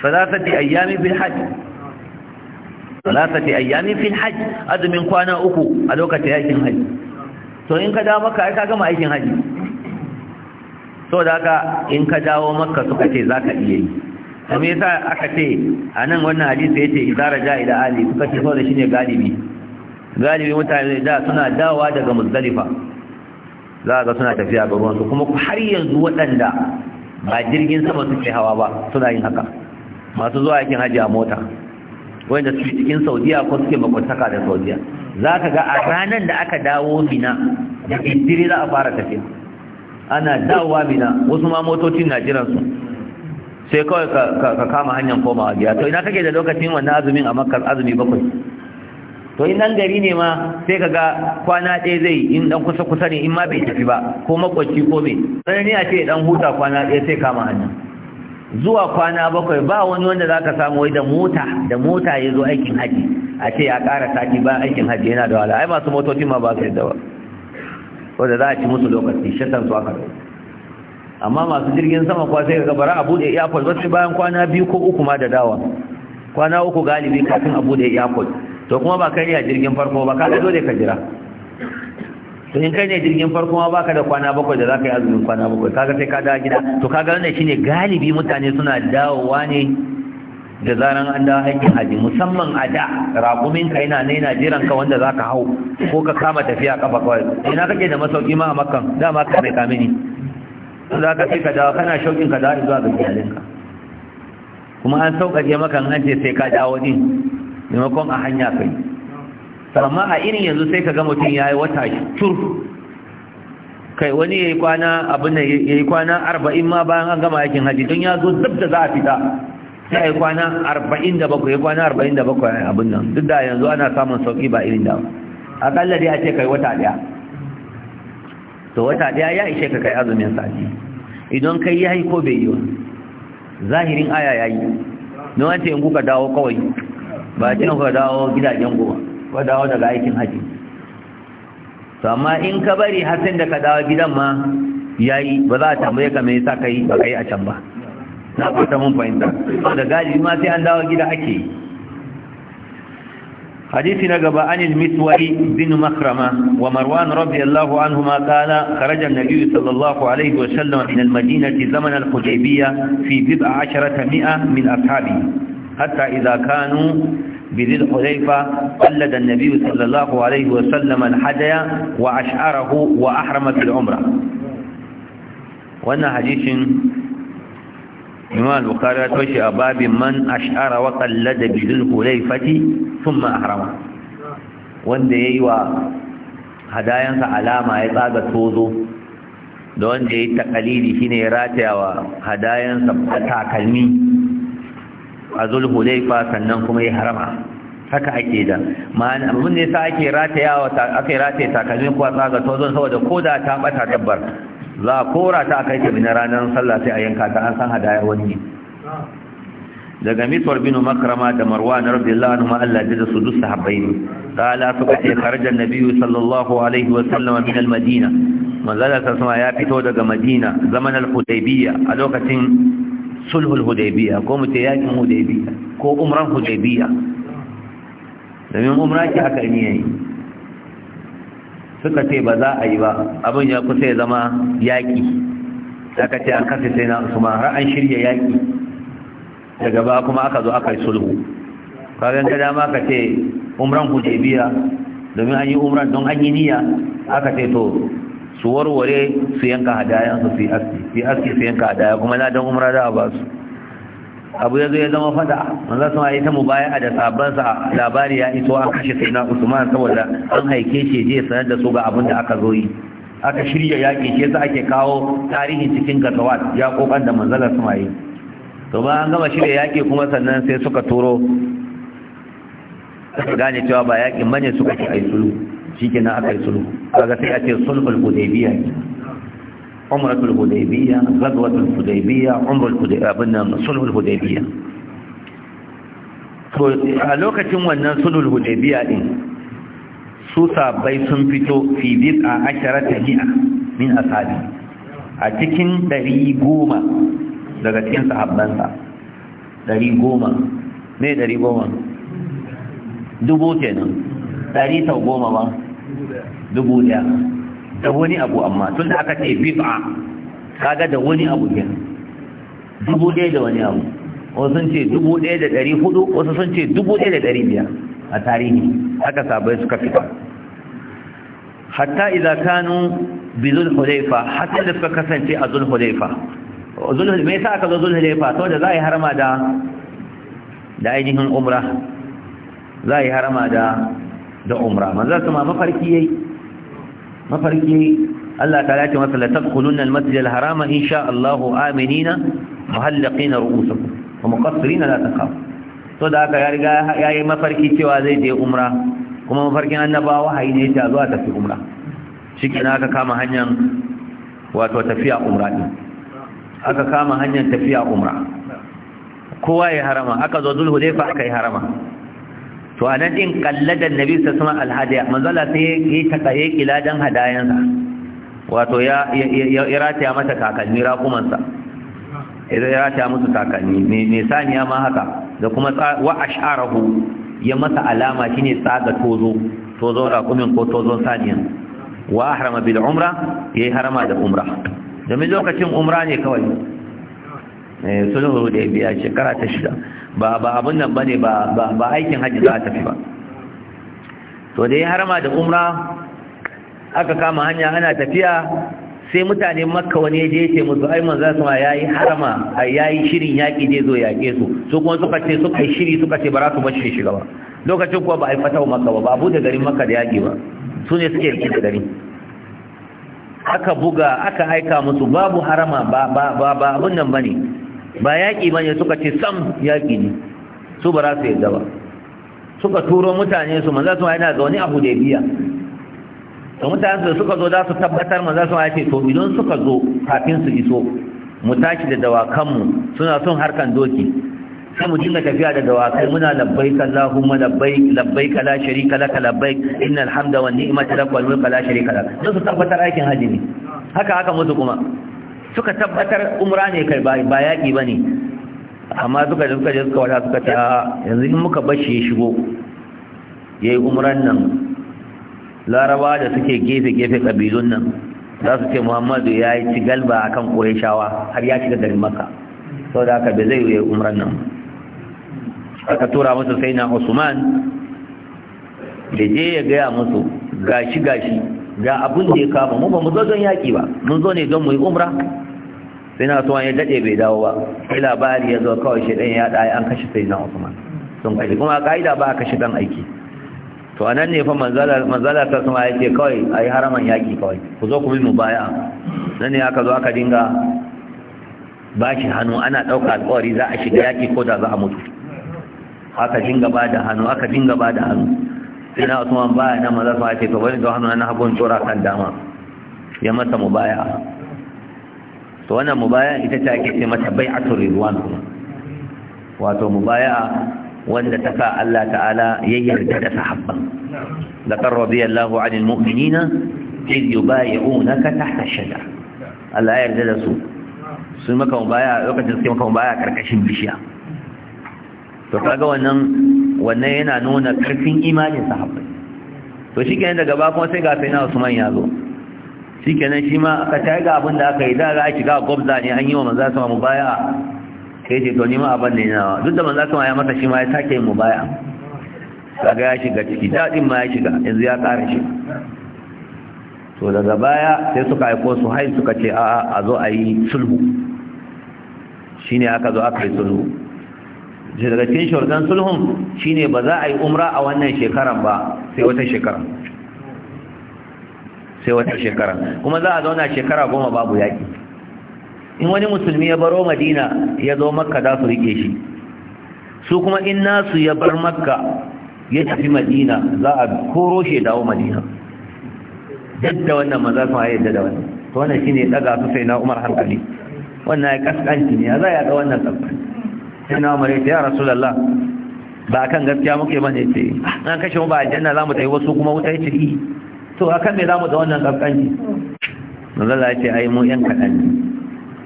Speaker 1: salasati ayyami bil hajj salasati ayyami fil hajj azumin kwana uku a lokacin aikin haji to in ka dawo maka ai ka gama aikin haji da haka in ka dawo makka suka ce za ka iya yi kuma yasa aka ce a nan wannan hadisi ya ce izara ja ila ali suka ce saboda shine galibi galibi mutane da suna dawa daga muzdalifa za ga suna tafiya ga ruwansu kuma har yanzu waɗanda ba jirgin sama suke hawa ba suna yin haka masu zuwa yakin hajji a mota wanda su cikin saudiya ko suke makwantaka da saudiya za ka ga a ranar da aka dawo mina da ƙirƙiri za a fara tafiya ana dawowa mina wasu ma motocin na jiran su sai kawai ka kama hanyar komawa biya to ina kake da lokacin wannan azumin a makar azumi bakwai to in dan gari ne ma sai ka ga kwana ɗaya zai in dan kusa kusa ne in ma bai tafi ba ko makwabci ko me sanani a ce dan huta kwana ɗaya sai kama hanya zuwa kwana bakwai ba wani wanda zaka samu wai da mota da mota ya zo aikin haji a ce ya ƙara sati ba aikin haji yana da wahala ai masu motocin ma ba su da ba wanda za a ci musu lokaci shatan su aka amma masu jirgin sama kwa sai ga bara a bude fa wasu bayan kwana biyu ko uku ma da dawa kwana uku galibi kafin a bude airport to kuma ba kai ne a jirgin farko ba ka dole ka jira to in kai ne jirgin farko ma baka da kwana bakwai da zaka yi azumin kwana bakwai kaga sai ka dawo gida to kaga wannan shine galibi mutane suna dawowa ne da zaran an dawo aikin haji musamman a da raƙumin ka yana ne yana jiran ka wanda zaka hau ko ka kama tafiya kafa kawai ina kake da masauki ma a makkan dama ka bai kame ni za ka sai ka dawo kana shauƙin ka dawo zuwa ga iyalinka kuma an sauƙaƙe maka an ce sai ka dawo din maimakon a hanya kai amma a irin yanzu sai ka ga mutum ya yi wata tur kai wani ya yi kwana abin da ya yi kwana arba'in ma bayan an gama yakin haji don ya zo zab da za a fita ta yi kwana arba'in da bakwai ya kwana arba'in da bakwai abin nan duk da yanzu ana samun sauƙi ba irin da akalla dai a ce kai wata ɗaya to wata ɗaya ya ishe ka kai azumin sati idan kai ya yi ko bai yi zahirin aya ya yi Na wata ce ka kuka dawo kawai ba a cikin kuka dawo gidajen goma ko dawo daga aikin haji to amma in ka bari har sai da ka dawo gidan ma ya yi ba za a tambaye ka mai sa kai ba kai a can ba na fata mun fahimta da galibi ma sai an dawo gida ake yi حديث نقب عن المسوري بن مخرمة ومروان رضي الله عنهما قال خرج النبي صلى الله عليه وسلم من المدينة زمن الحديبية في بضع عشرة مئة من أصحابه حتى إذا كانوا بذي الحليفة قلد النبي صلى الله عليه وسلم الحدي وأشعره وأحرم في العمرة وأن حديث imam al-bukhari ya toshe a babin man ash'ara wa qallada bi dhul hulaifati thumma ahrama wanda yayi wa hadayansa alama ya tsaga tozo da wanda yayi takalidi shine ya rataya wa hadayansa takalmi a dhul hulaifa sannan kuma ya harama haka ake da ma'ana abin da yasa ake ratayawa ake rataye takalmi ko tsaga tozo saboda koda ta bata tabbar za a kora ta a kai ta mina ranar sallah sai a yanka ta an san hadaya wani daga mitwar binu makarama da marwa na rabbi Allah anhu Allah da su dusta habbai ne qala suka ce kharaja nabiyyu sallallahu alaihi wa sallam min al manzala ta sama ya fito daga madina zaman al a lokacin sulhul hudaybiyya ko mu ce yakin Hudaibiya? ko umran hudaybiyya domin umra ki aka yayi. suka ce ba za a yi ba abin ya kusa ya zama yaƙi aka ce an kasa sai na usman har an shirya yaƙi daga ba kuma aka zo aka yi sulhu kawai ta dama ka ce umran hudaybiya domin an yi umran don an yi niyya aka ce to su warware su yanka hadayansu su fi aski fi aski su yanka hadaya kuma na dan umra da a ba su abu ya zo ya zama fada manzo sun ma ta mubaya'a da sabansa labari ya iso an kashe sai na Usman saboda an haike shi je sanar da su ga abin da aka zo yi aka shirya yaƙi shi yasa ake kawo tarihin cikin gazawat ya kokan da manzala ma yi to ba an gama shirya yaƙi kuma sannan sai suka turo gane cewa ba yaƙin bane suka ci ayi sulhu shikenan aka yi kaga sai a ce sulhul hudaybiya عمرة الهديبية غزوة الهديبية عمر الهديبية صلح الهديبية a lokacin wannan sulhul hudaybiya din su sabai sun fito fi bid'a asharata mi'a min ashabi a cikin ɗari goma daga cikin sahabbansa ɗari goma me ɗari goma dubu kenan ɗari sau goma ba dubu ɗaya da wani abu amma tun da aka ce bid'a kaga da wani abu ne dubu ɗaya da wani abu wasu sun ce dubu ɗaya da ɗari hudu wasu sun ce dubu ɗaya da ɗari biyar a tarihi haka sabai suka fita hatta idza kanu bi zul hulaifa hatta da suka kasance a zul hulaifa zul me yasa aka zo zul hulaifa saboda za a yi harama da da ainihin umra za a yi harama da da umra manzo kuma mafarki yayi mafarki Allah ta lati masa la tadkhulunna al-masjid al-haram insha Allah aminina muhallaqina ru'usakum wa muqassirina la taqaw to da aka ya riga yayi mafarki cewa zai je umra kuma mafarkin annabawa wahayi ne ta zuwa tafi umra shikenan aka kama hanyar wato tafiya umra din aka kama hanyar tafiya umra kowa ya harama aka zo zulhu dai fa aka yi harama to a nan ɗin kalladan nabi ta suna alhadiya manzala sai ya yi ta kaye kiladan hadayensa wato ya rataya mata kakanni raƙumansa idan ya rataya musu kakanni mai saniya ma haka da kuma wa ash'arahu ya masa alama shine tsaga tozo tozo raƙumin ko tozon saniyan wa harama bil umra yi harama da umra domin lokacin umra ne kawai Eh, sulhu da biya shekara ta shida ba ba abun nan bane ba ba aikin hajji za a tafi ba to dai harama da umra aka kama hanya ana tafiya sai mutane makka wani ya je ya ce musu ai manzo su ma yayi harama ai yayi shirin yaki je zo yake su su kuma suka ce suka yi shiri suka ce ba za su bar shi shiga ba lokacin kuwa ba ai yi fatawa makka ba ba bude garin makka da yaki ba su ne suke rike gari aka buga aka aika musu babu harama ba ba ba abun nan bane ba yaƙi ba ne suka ce sam yaƙi ne su ba za su yadda ba suka turo mutane su za su yana zaune a hudaybiya to mutane su suka zo za su tabbatar za su ce to idan suka zo kafin su iso mu tashi da dawakanmu suna son harkan doki sai mu dinga tafiya da dawakai muna labbai labbaik labbai, labbai labbaik kala sharika lak labbai innal hamda wan ni'mata lak wal mulku la sharika lak su tabbatar aikin haji ne haka haka musu kuma suka tabbatar umra ne kai ba yaƙi ba ne amma suka da suka je suka wata suka ta yanzu in muka bashi ya shigo ya yi umran nan laraba da suke gefe-gefe ƙabilun nan za su ce muhammadu ya yi ci galba a kan ƙorishawa har ya shiga garin maka sau da aka bai zai yi umran nan aka tura musu sai na usman da je ya gaya musu gashi-gashi ga abun da ya kama mu ba mu zo don yaƙi ba mun zo ne don mu yi umra sai na tuwa ya daɗe bai dawo ba sai labari ya zo kawai shi ɗan ya ɗaya an kashe sai na usman sun kashe kuma ƙa'ida ba a kashe ɗan aiki to anan ne fa manzala ta sama ya ce kawai a yi haraman yaƙi kawai ku zo ku bi mu baya nan ne aka zo aka dinga ba shi hannu ana ɗauka alƙawari za a shiga yaƙi ko da za a mutu aka dinga ba da hannu aka dinga ba da hannu sai na usman baya na maza fa ce to bari ga hannu na hagun tsora kan dama ya masa mubaya to wannan mubaya ita ta ke ce mata bai'atul ridwan wato mubaya wanda ta sa Allah ta'ala ya yarda da sahabban laqad radiyallahu 'anil mu'minina iz yubayi'unaka tahta ash-shajar Allah ya yarda da su sun maka mubaya lokacin suke maka mubaya karkashin bishiya to kaga wannan wannan yana nuna karfin imanin sahabbai to shikenan daga ba kuma sai ga sayyidina Usman ya zo shikenan shi ma aka tayi ga abin da aka yi da za a shiga gwabza ne an yi wa manzo sama mubaya'a kai ce to ni ma abin ne na duk da manzo sama ya masa shi ma ya sake yin mubaya'a kaga ya shiga ciki daɗin ma ya shiga yanzu ya ƙara shi to daga baya sai suka aiko su hai suka ce a'a a zo a yi sulhu shine aka zo aka yi sulhu daga cikin shirgan sulhun shine ba za a yi umra a wannan shekaran ba sai wata shekara sai wata shekara kuma za a zauna shekara goma babu yaƙi in wani musulmi ya baro madina ya zo makka za su rike shi su kuma in nasu ya bar makka ya tafi madina za a koro shi dawo madina yadda wannan maza kuma yadda da wannan to wannan shine daga su sai na umar hankali wannan ya kaskanci ne za ya ga wannan kaskanci sai na umar ya rasulullah ba kan gaskiya muke ba ne ce ah, an kashe mu ba aljanna za mu tafi wasu kuma wuta ce yi to akan me za mu da wannan kaskanci manzala ya ce ai mu yan kaɗan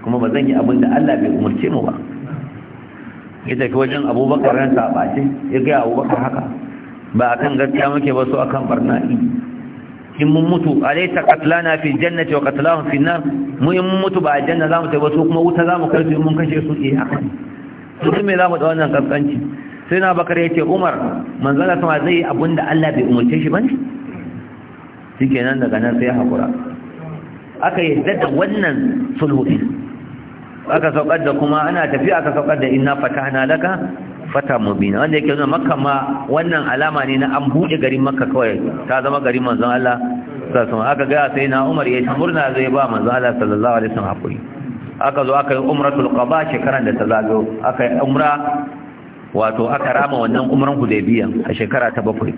Speaker 1: kuma ba zan yi abin da Allah bai umarce mu ba ya tafi wajen abubakar ran sabace ya ga abubakar haka ba kan gaskiya muke ba su akan barna'i in mun mutu alaysa qatlana fi jannati wa qatlahum fi nar mu in mun mutu ba aljanna za mu tafi wasu kuma wuta za mu karfi mun kashe su eh haka duk mai za mu da wannan kaskanci sai na bakar ya ce umar manzala sama zai abin da allah bai umarce shi ba ne shi kenan daga nan sai haƙura aka yi da wannan sulhufin aka saukar da kuma ana tafiya aka saukar da inna fatahna laka fata mubina wanda yake nuna makka ma wannan alama ne na an buɗe garin makka kawai ta zama garin manzan Allah sallallahu alaihi wasallam aka ga sai na Umar ya murna zai ba manzan Allah sallallahu alaihi wasallam hakuri aka zo aka yi umratul qada shekaran da ta zago aka yi umra wato aka rama wannan umran hudaybiya a shekara ta bakwai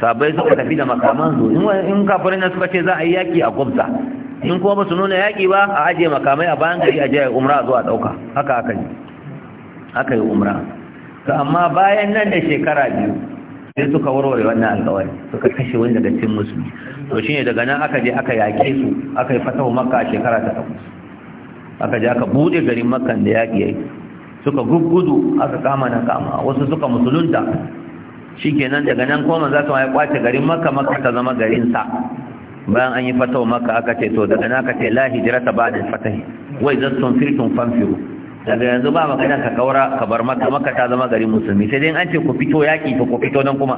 Speaker 1: sabai suka tafi da makaman su in kafirin suka ce za a yi yaki a gwamza in kuma ba su nuna yaki ba a ajiye makamai a bayan gari a je umra a zo a dauka haka aka yi aka yi umra to amma bayan nan da shekara biyu sai suka warware wannan alƙawari suka kashe wani daga cikin musulmi to shine daga nan aka je aka yake su aka yi fatahu makka a shekara ta takwas aka ja aka bude garin makkan da yaƙi yayi suka gugudu aka kama na kama wasu suka musulunta shikenan daga nan kuma za ta ya kwace garin makka makka ta zama garin sa bayan an yi fatawa makka aka ce to daga nan aka ce la hijrata ba'da al-fatah wa idza tunfirtum fanfiru daga yanzu ba magana ka kaura ka bar makka makka ta zama garin musulmi sai dai an ce ku fito yaƙi ku fito nan kuma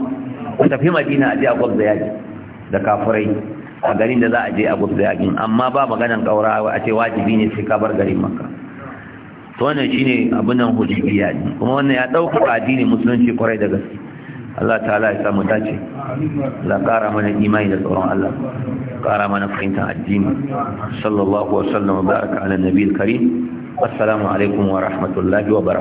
Speaker 1: ku tafi madina a je a gwabza yaƙi da kafirai a garin da za a je a gudu yakin amma ba maganan kaura a ce wajibi ne sai ka bar garin maka, to wannan shine abin nan hujjiyya ne kuma wannan ya dauka addinin musulunci kwarai da gaske Allah ta'ala ya samu dace la kara mana imani da tsoron Allah kara mana fahimtar addini
Speaker 2: sallallahu wa sallam wa baraka ala nabiyil karim assalamu alaikum wa rahmatullahi wa barakatuh